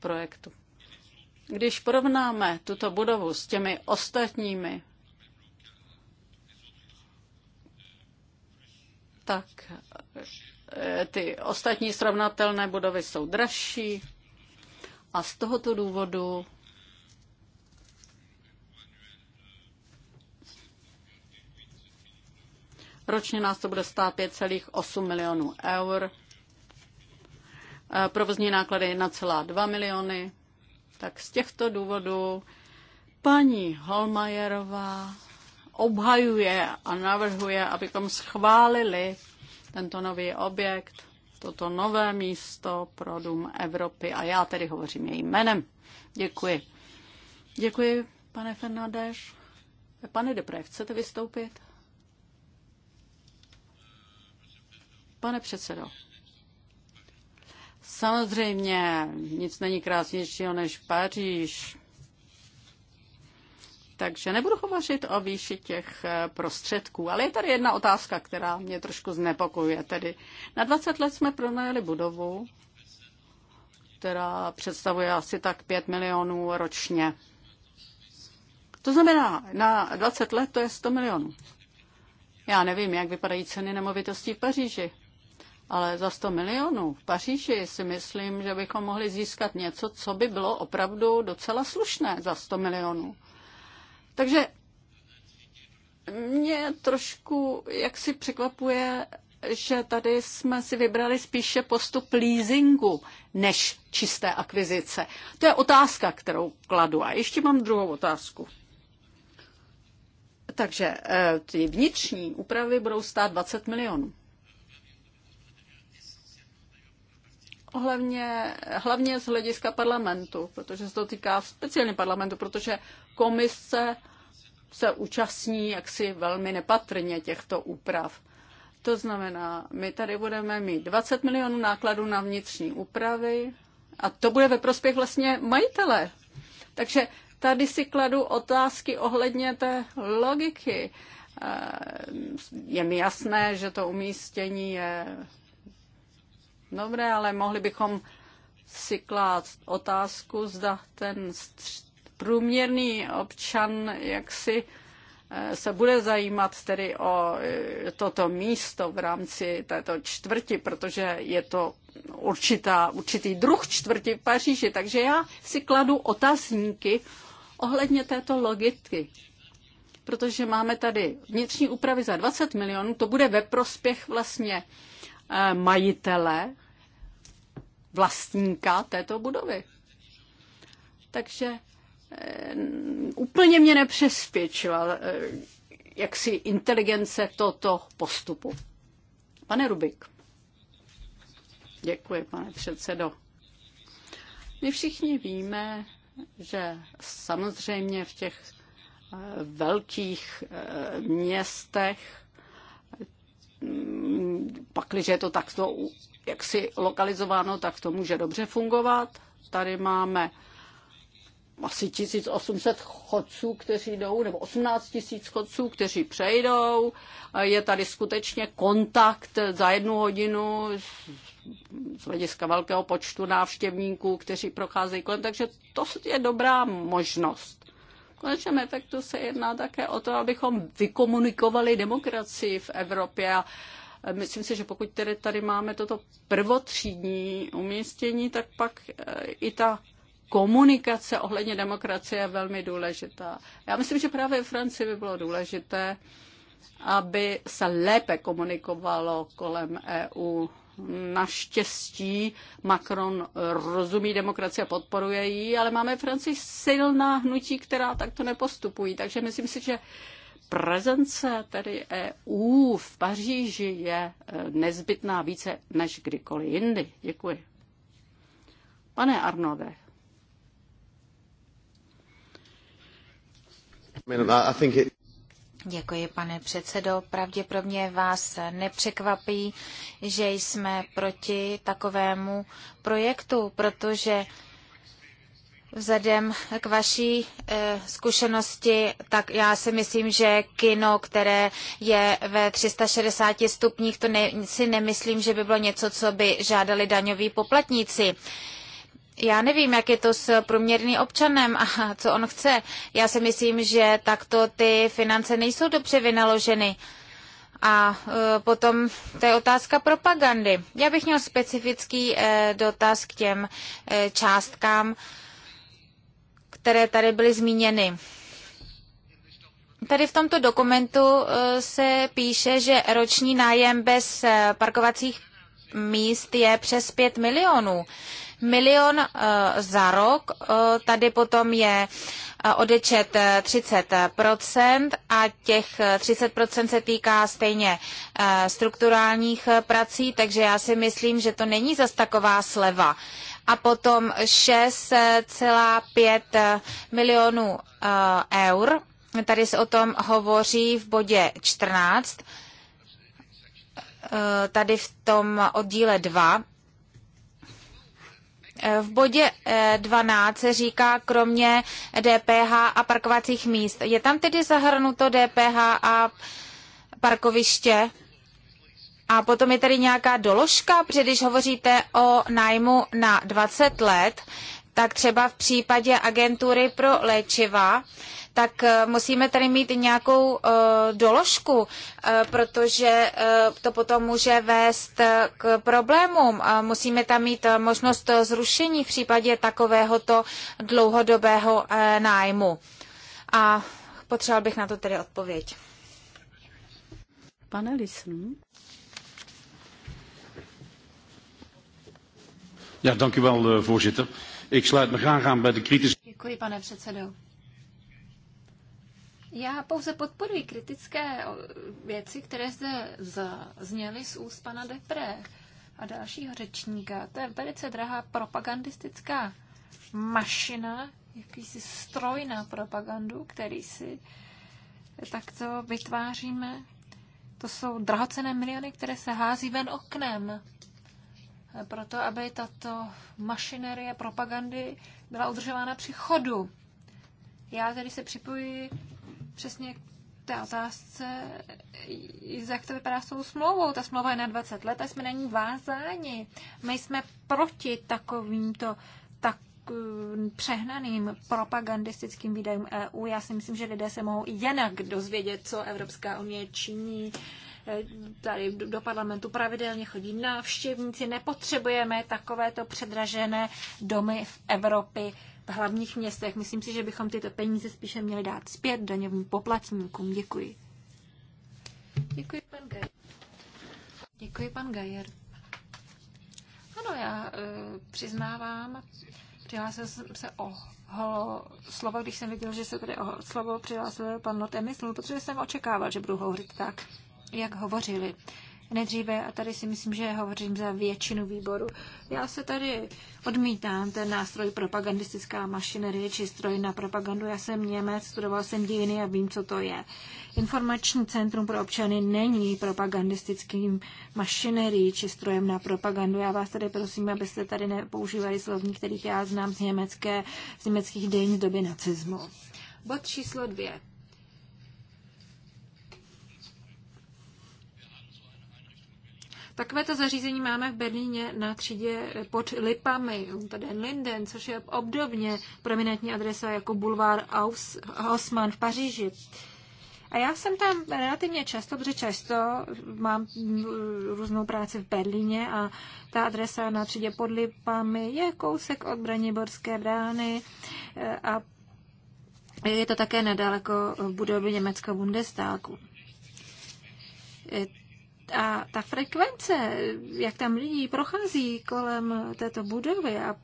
projektu. Když porovnáme tuto budovu s těmi ostatními tak eh, ty ostatní srovnatelné budovy jsou dražší a z tohoto důvodu ročně nás to bude stát 5,8 milionů eur, eh, provozní náklady 1,2 miliony, tak z těchto důvodů paní Holmajerová obhajuje a navrhuje, abychom schválili tento nový objekt, toto nové místo pro Dům Evropy. A já tedy hovořím jejím jménem. Děkuji. Děkuji, pane Fernandeš. Pane Depre, chcete vystoupit? Pane předsedo. Samozřejmě, nic není krásnějšího než Paříž takže nebudu hovořit o výši těch eh, prostředků, ale je tady jedna otázka, která mě trošku znepokojuje. Tedy na 20 let jsme pronajeli budovu, která představuje asi tak 5 milionů ročně. To znamená, na 20 let to je 100 milionů. Já nevím, jak vypadají ceny nemovitostí v Paříži, ale za 100 milionů v Paříži si myslím, že bychom mohli získat něco, co by bylo opravdu docela slušné za 100 milionů. Takže mě trošku jaksi překvapuje, že tady jsme si vybrali spíše postup leasingu než čisté akvizice. To je otázka, kterou kladu. A ještě mám druhou otázku. Takže eh, ty vnitřní úpravy budou stát 20 milionů. hlavně, hlavně z hlediska parlamentu, protože se to týká speciálně parlamentu, protože komise se účastní jaksi velmi nepatrně těchto úprav. To znamená, my tady budeme mít 20 milionů nákladů na vnitřní úpravy a to bude ve prospěch vlastně majitele. Takže tady si kladu otázky ohledně té logiky. Eh, je mi jasné, že to umístění je Dobré, ale mohli bychom si klást otázku, zda ten průměrný občan jaksi eh, se bude zajímat tedy o eh, toto místo v rámci této čtvrti, protože je to určitá, určitý druh čtvrti v Paříži. Takže já si kladu otazníky ohledně této logiky. Protože máme tady vnitřní úpravy za 20 milionů, to bude ve prospěch vlastně eh, majitele vlastníka této budovy. Takže eh, úplně mě nepřesvědčila eh, jaksi inteligence toto postupu. Pane Rubik. Děkuji, pane předsedo. My všichni víme, že samozřejmě v těch eh, velkých městech mm, pakliže je to takto jaksi lokalizováno, tak to může dobře fungovat. Tady máme asi 1800 chodců, kteří jdou, nebo 18 000 chodců, kteří přejdou. Je tady skutečně kontakt za jednu hodinu z hlediska velkého počtu návštěvníků, kteří procházejí kolem, takže to je dobrá možnost. V konečném efektu se jedná také o to, abychom vykomunikovali demokracii v Evropě a Myslím si, že pokud tedy tady máme toto prvotřídní umístění, tak pak e, i ta komunikace ohledně demokracie je velmi důležitá. Já myslím, že právě v Francii by bylo důležité, aby se lépe komunikovalo kolem EU. Naštěstí Macron rozumí demokracie a podporuje ji, ale máme v Francii silná hnutí, která takto nepostupují. Takže myslím si, že prezence tedy EU v Paříži je eh, nezbytná více než kdykoliv jindy. Děkuji. Pane Arnové. Děkuji, pane předsedo. Pravděpodobně vás nepřekvapí, že jsme proti takovému projektu, protože Vzhledem k vaší e, zkušenosti, tak já si myslím, že kino, které je ve 360 stupních, to ne, si nemyslím, že by bylo něco, co by žádali daňoví poplatníci. Já nevím, jak je to s průměrným občanem a co on chce. Já si myslím, že takto ty finance nejsou dobře vynaloženy. A eh, potom to je otázka propagandy. Já bych měl specifický eh, dotaz k těm částkám, které tady byly zmíněny. Tady v tomto dokumentu e, se píše, že roční nájem bez e, parkovacích míst je přes 5 milionů. Milion e, za rok, tady potom je odečet 30% a těch 30% se týká stejně strukturálních prací, takže já si myslím, že to není zas taková sleva a potom 6,5 milionů eh, eur. Tady se o tom hovoří v bodě 14, eh, tady v tom oddíle 2. Eh, v bodě 12 se říká kromě DPH a parkovacích míst. Je tam tedy zahrnuto DPH a parkoviště? A potom je tady nějaká doložka, protože když hovoříte o nájmu na 20 let, tak třeba v případě agentury pro léčiva, tak eh, musíme tady mít nějakou uh, doložku, uh, protože uh, to potom může vést k problémům. Uh, musíme tam mít uh, možnost zrušení v případě takovéhoto dlouhodobého uh, nájmu. A potřeboval bych na to tedy odpověď. Pane Lisnu, Ja, dank u wel, eh, voorzitter. Ik sluit me graag aan bij de kritische... Děkuji, pane předsedo. Já pouze podporuji kritické eh, věci, které zde zněly z úst pana Depré a dalšího řečníka. To je velice drahá propagandistická mašina, jakýsi stroj na propagandu, který si takto vytváříme. To jsou drahocené miliony, které se hází ven oknem proto aby tato mašinerie propagandy byla udržována při chodu. Já tedy se připojuji přesně k té otázce, jak to vypadá s tou smlouvou. Ta smlouva je na 20 let a jsme na ní vázáni. My jsme proti takovýmto tak mm, přehnaným propagandistickým výdajům EU. Já si myslím, že lidé se mohou jinak dozvědět, co Evropská unie činí, tady do parlamentu pravidelně chodí návštěvníci. Nepotřebujeme takovéto předražené domy v Evropě v hlavních městech. Myslím si, že bychom tyto peníze spíše měli dát zpět daňovým poplatníkům. Děkuji. Děkuji, pan Gajer. Děkuji, pan Gajer. Ano, já e, přiznávám, přihlásil jsem se o holo slovo, když jsem viděl, že se tady o slovo přihlásil pan Not no, protože jsem očekával, že budu hovořit tak jak hovořili nejdříve, a tady si myslím, že hovořím za většinu výboru, já se tady odmítám ten nástroj propagandistická mašinerie či stroj na propagandu. Já jsem Němec, studoval jsem dějiny a vím, co to je. Informační centrum pro občany není propagandistickým mašinerií či strojem na propagandu. Já vás tady prosím, abyste tady nepoužívali slovní, kterých já znám z německé, z německých dějin z doby nacismu. Bod číslo dvě Takovéto zařízení máme v Berlíně na třídě pod Lipami, tady Linden, což je obdobně prominentní adresa jako boulevard Haussmann v Paříži. A já jsem tam relativně často, protože často mám různou práci v Berlíně a ta adresa na třídě pod Lipami je kousek od Braniborské brány eh, a je to také nedaleko budovy německého Bundestagu. Eh, a ta frekvence, jak tam lidi prochází kolem této budovy a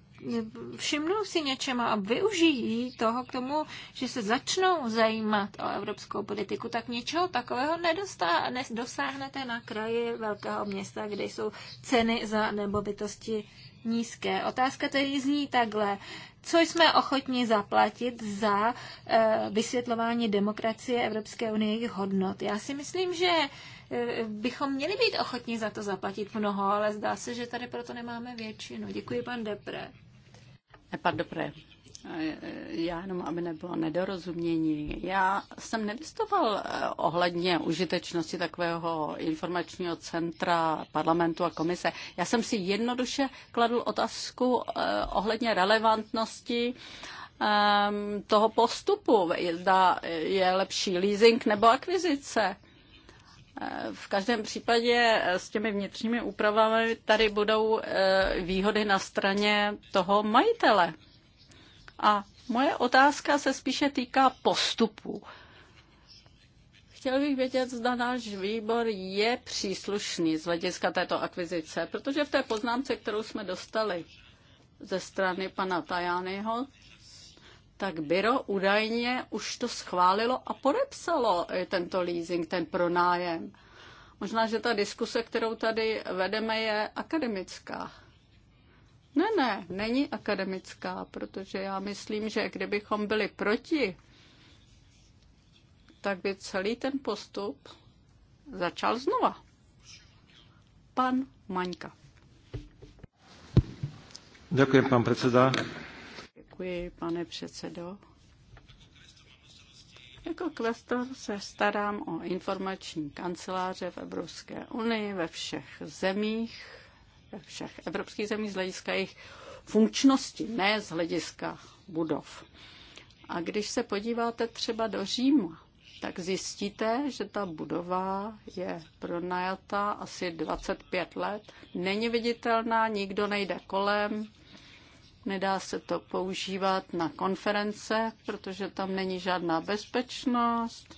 všimnou si něčema a využijí toho k tomu, že se začnou zajímat o evropskou politiku, tak něčeho takového nedostá, nedosáhnete na kraji velkého města, kde jsou ceny za nemovitosti nízké. Otázka tedy zní takhle. Co jsme ochotni zaplatit za e, vysvětlování demokracie Evropské unie jejich hodnot? Já si myslím, že bychom měli být ochotní za to zaplatit mnoho, ale zdá se, že tady proto nemáme většinu. Děkuji, pan Depre. Pan Depre, já jenom, aby nebylo nedorozumění. Já jsem nevystoval eh, ohledně užitečnosti takového informačního centra parlamentu a komise. Já jsem si jednoduše kladl otázku eh, ohledně relevantnosti ehm, toho postupu. Zda je lepší leasing nebo akvizice. V každém případě s těmi vnitřními úpravami tady budou eh, výhody na straně toho majitele. A moje otázka se spíše týká postupu. Chtěl bych vědět, zda náš výbor je příslušný z hlediska této akvizice, protože v té poznámce, kterou jsme dostali ze strany pana Tajányho, tak Byro údajně už to schválilo a podepsalo eh, tento leasing, ten pronájem. Možná, že ta diskuse, kterou tady vedeme, je akademická. Ne, ne, není akademická, protože já myslím, že kdybychom byli proti, tak by celý ten postup začal znova. Pan Maňka. Děkuji, pan předseda. Děkuji, pane předsedo. Jako kvestor se starám o informační kanceláře v Evropské unii, ve všech zemích, ve všech evropských zemích z hlediska jejich funkčnosti, ne z hlediska budov. A když se podíváte třeba do Říma, tak zjistíte, že ta budova je pronajatá asi 25 let, není viditelná, nikdo nejde kolem, Nedá se to používat na konference, protože tam není žádná bezpečnost.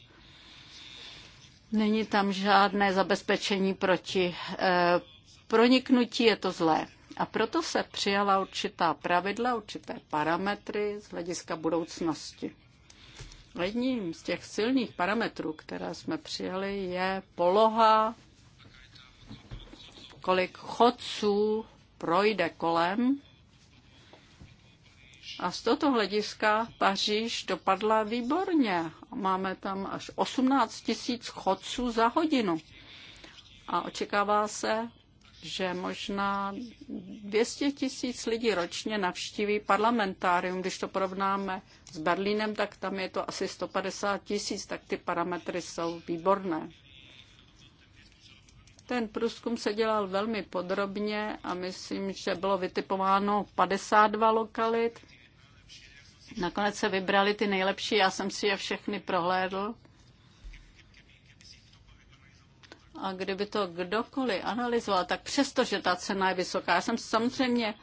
Není tam žádné zabezpečení proti eh, proniknutí, je to zlé. A proto se přijala určitá pravidla, určité parametry z hlediska budoucnosti. Jedním z těch silných parametrů, které jsme přijali, je poloha, kolik chodců projde kolem a z tohoto hlediska Paříž dopadla výborně. Máme tam až 18 tisíc chodců za hodinu. A očekává se, že možná 200 tisíc lidí ročně navštíví parlamentárium. Když to porovnáme s Berlínem, tak tam je to asi 150 tisíc, tak ty parametry jsou výborné. Ten průzkum se dělal velmi podrobně a myslím, že bylo vytipováno 52 lokalit Nakonec se vybrali ty nejlepší, já jsem si je všechny prohlédl. A kdyby to kdokoliv analyzoval, tak přesto, že ta cena je vysoká, já jsem samozřejmě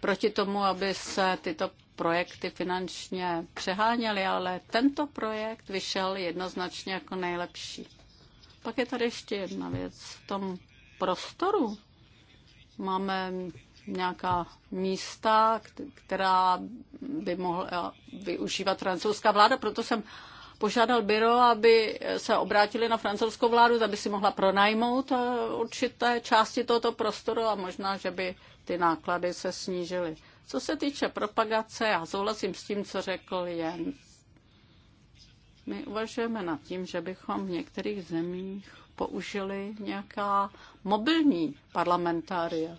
proti tomu, aby se tyto projekty finančně přeháněly, ale tento projekt vyšel jednoznačně jako nejlepší. Pak je tady ještě jedna věc. V tom prostoru máme nějaká místa, která by mohla využívat francouzská vláda, proto jsem požádal byro, aby se obrátili na francouzskou vládu, aby si mohla pronajmout eh, určité části tohoto prostoru a možná, že by ty náklady se snížily. Co se týče propagace, já souhlasím s tím, co řekl Jen. My uvažujeme nad tím, že bychom v některých zemích použili nějaká mobilní parlamentária.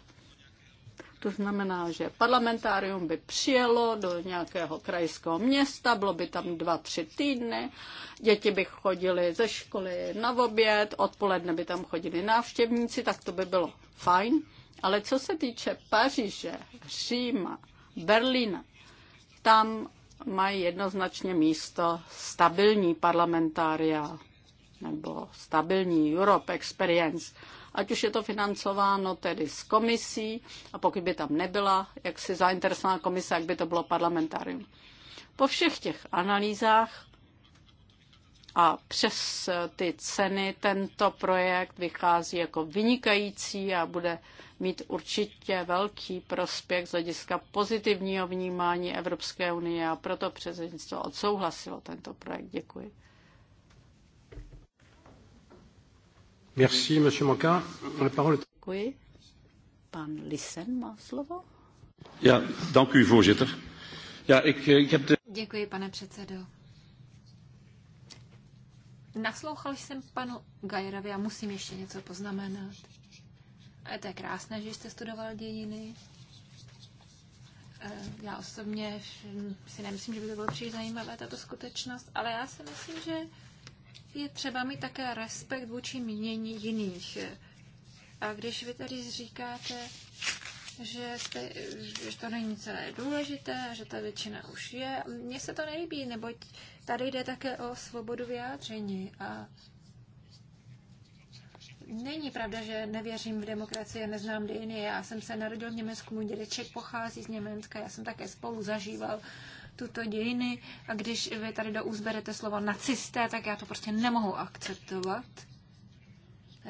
To znamená, že parlamentárium by přijelo do nějakého krajského města, bylo by tam dva, tři týdny, děti by chodili ze školy na oběd, odpoledne by tam chodili návštěvníci, tak to by bylo fajn. Ale co se týče Paříže, Říma, Berlína, tam mají jednoznačně místo stabilní parlamentária nebo stabilní Europe Experience ať už je to financováno tedy s komisí a pokud by tam nebyla jak si zainteresovaná komise, jak by to bylo parlamentárium. Po všech těch analýzách a přes eh, ty ceny tento projekt vychází jako vynikající a bude mít určitě velký prospěch z hlediska pozitivního vnímání Evropské unie a proto předsednictvo odsouhlasilo tento projekt. Děkuji. Merci, monsieur La parole... Děkuji. Pan Lisen má slovo. voorzitter. ik, eh, ik heb de... Děkuji, pane předsedo. Naslouchal jsem panu Gajerovi a musím ještě něco poznamenat. A je to krásné, že jste studoval dějiny. Eh, já osobně si nemyslím, že by to bylo příliš zajímavé, tato skutečnost, ale já si myslím, že je třeba mít také respekt vůči mínění jiných. A když vy tady říkáte, že, jste, že to není celé důležité, že ta většina už je, mně se to nelíbí, neboť tady jde také o svobodu vyjádření a Není pravda, že nevěřím v demokracii a neznám dějiny. Já jsem se narodil v Německu, můj dědeček pochází z Německa, já jsem také spolu zažíval tuto dějiny a když vy tady do úst berete slovo nacisté, tak já to prostě nemohu akceptovat.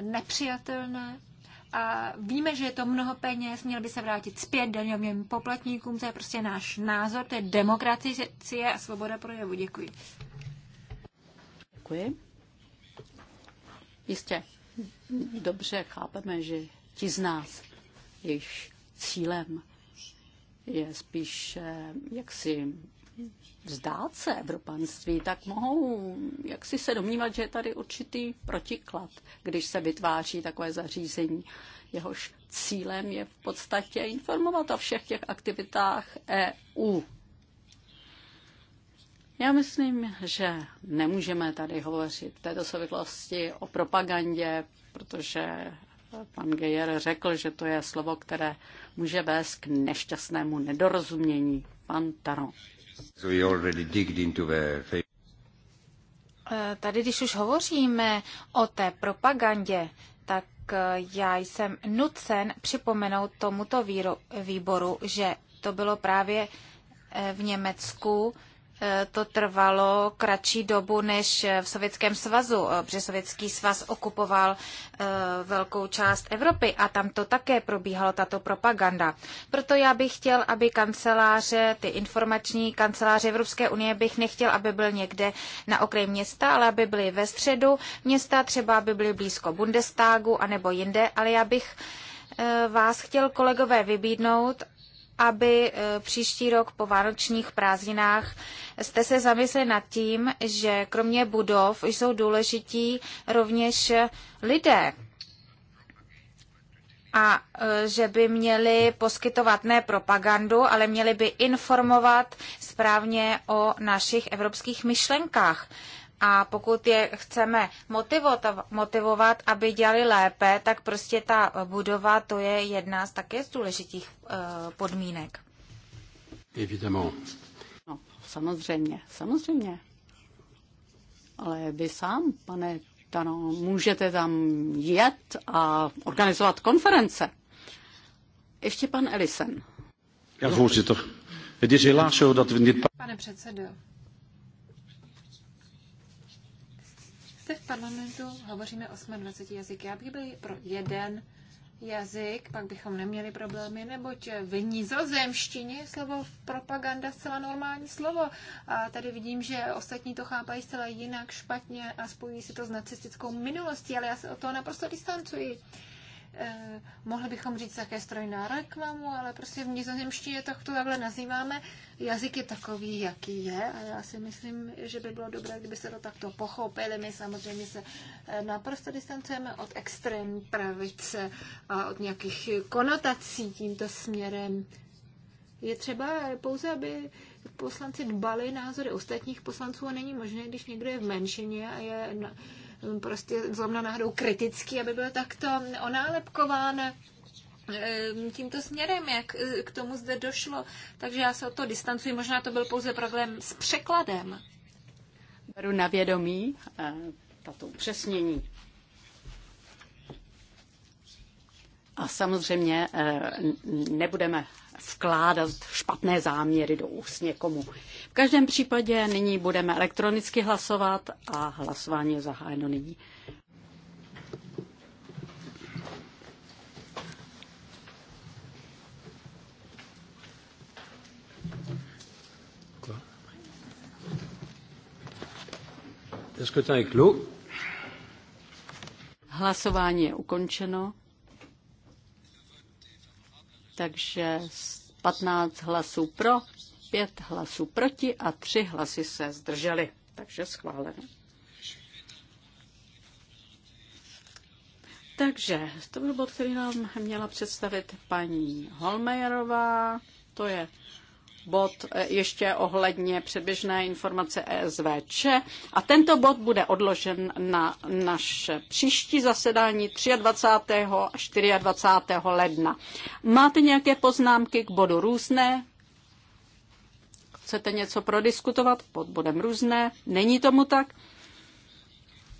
Nepřijatelné. A víme, že je to mnoho peněz, měl by se vrátit zpět daňovým poplatníkům, to je prostě náš názor, to je demokracie a svoboda projevu. Děkuji. Děkuji. Jistě, dobře chápeme, že ti z nás, jejich cílem je spíš jaksi vzdát se evropanství, tak mohou jak si se domnívat, že je tady určitý protiklad, když se vytváří takové zařízení. Jehož cílem je v podstatě informovat o všech těch aktivitách EU. Já myslím, že nemůžeme tady hovořit v této souvislosti o propagandě, protože pan Geyer řekl, že to je slovo, které může vést k nešťastnému nedorozumění. Pan Taron. Eh, tady, když už hovoříme o té propagandě, tak eh, já jsem nucen připomenout tomuto výboru, že to bylo právě eh, v Německu, Eh, to trvalo kratší dobu než v Sovětském svazu, eh, protože Sovětský svaz okupoval eh, velkou část Evropy a tam to také probíhalo, tato propaganda. Proto já bych chtěl, aby kanceláře, ty informační kanceláře Evropské unie bych nechtěl, aby byl někde na okraji města, ale aby byly ve středu města, třeba aby byly blízko Bundestagu anebo jinde, ale já bych vás chtěl kolegové vybídnout, aby e, příští rok po vánočních prázdninách jste se zamysleli nad tím, že kromě budov jsou důležití rovněž lidé, a e, že by měli poskytovat ne propagandu, ale měli by informovat správně o našich evropských myšlenkách. A pokud je chceme motivovat, aby dělali lépe, tak prostě ta budova, to je jedna z také z důležitých eh, podmínek. Evidemment. No, samozřejmě, samozřejmě. Ale vy sám, pane Tano, můžete tam jet a organizovat konference. Ještě pan Elisen. Já voorzitter. Het is helaas zo dat we dit... Pane předsedo, Zde v parlamentu hovoříme 28 jazyky. Já bych byl pro jeden jazyk, pak bychom neměli problémy, neboť v nizozemštině je slovo propaganda zcela normální slovo. A tady vidím, že ostatní to chápají zcela jinak, špatně a spojují si to s nacistickou minulostí, ale já se o to naprosto distancuji eh, mohli bychom říct také stroj na reklamu, ale prostě v nizozemštině tak to takhle nazýváme. Jazyk je takový, jaký je a já si myslím, že by bylo dobré, kdyby se to takto pochopili. My samozřejmě se eh, naprosto distancujeme od extrémní pravice a od nějakých konotací tímto směrem. Je třeba pouze, aby poslanci dbali názory ostatních poslanců a není možné, když někdo je v menšině a je... Na, Mm, prostě zrovna náhodou kritický, aby byl takto onálepkován eh, tímto směrem, jak eh, k tomu zde došlo. Takže já se o to distancuji. Možná to byl pouze problém s překladem. Beru na vědomí eh, tato upřesnění. A samozřejmě nebudeme vkládat špatné záměry do úst někomu každém případě nyní budeme elektronicky hlasovat a hlasování je zahájeno nyní. Hlasování je ukončeno. Takže 15 hlasů pro, pět hlasů proti a tři hlasy se zdrželi. Takže schváleno. Takže to byl bod, který nám měla představit paní Holmejerová. To je bod eh, ještě ohledně předběžné informace ESVČ a tento bod bude odložen na naše příští zasedání 23. a 24. ledna. Máte nějaké poznámky k bodu různé? chcete něco prodiskutovat pod bodem různé, není tomu tak.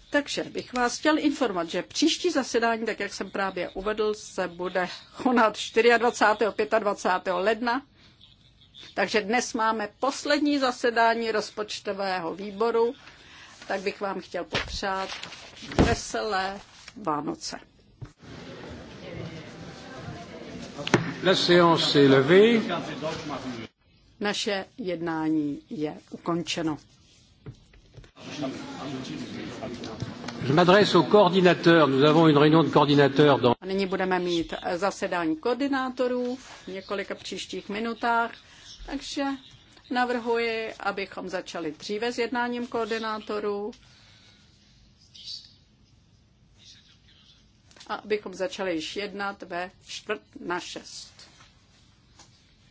Takže bych vás chtěl informovat, že příští zasedání, tak jak jsem právě uvedl, se bude konat 24. 25. ledna. Takže dnes máme poslední zasedání rozpočtového výboru, tak bych vám chtěl popřát veselé Vánoce. La séance est levée. Naše jednání je ukončeno. A nyní budeme mít zasedání koordinátorů v několika příštích minutách, takže navrhuji, abychom začali dříve s jednáním koordinátorů. A abychom začali již jednat ve čtvrt na šest.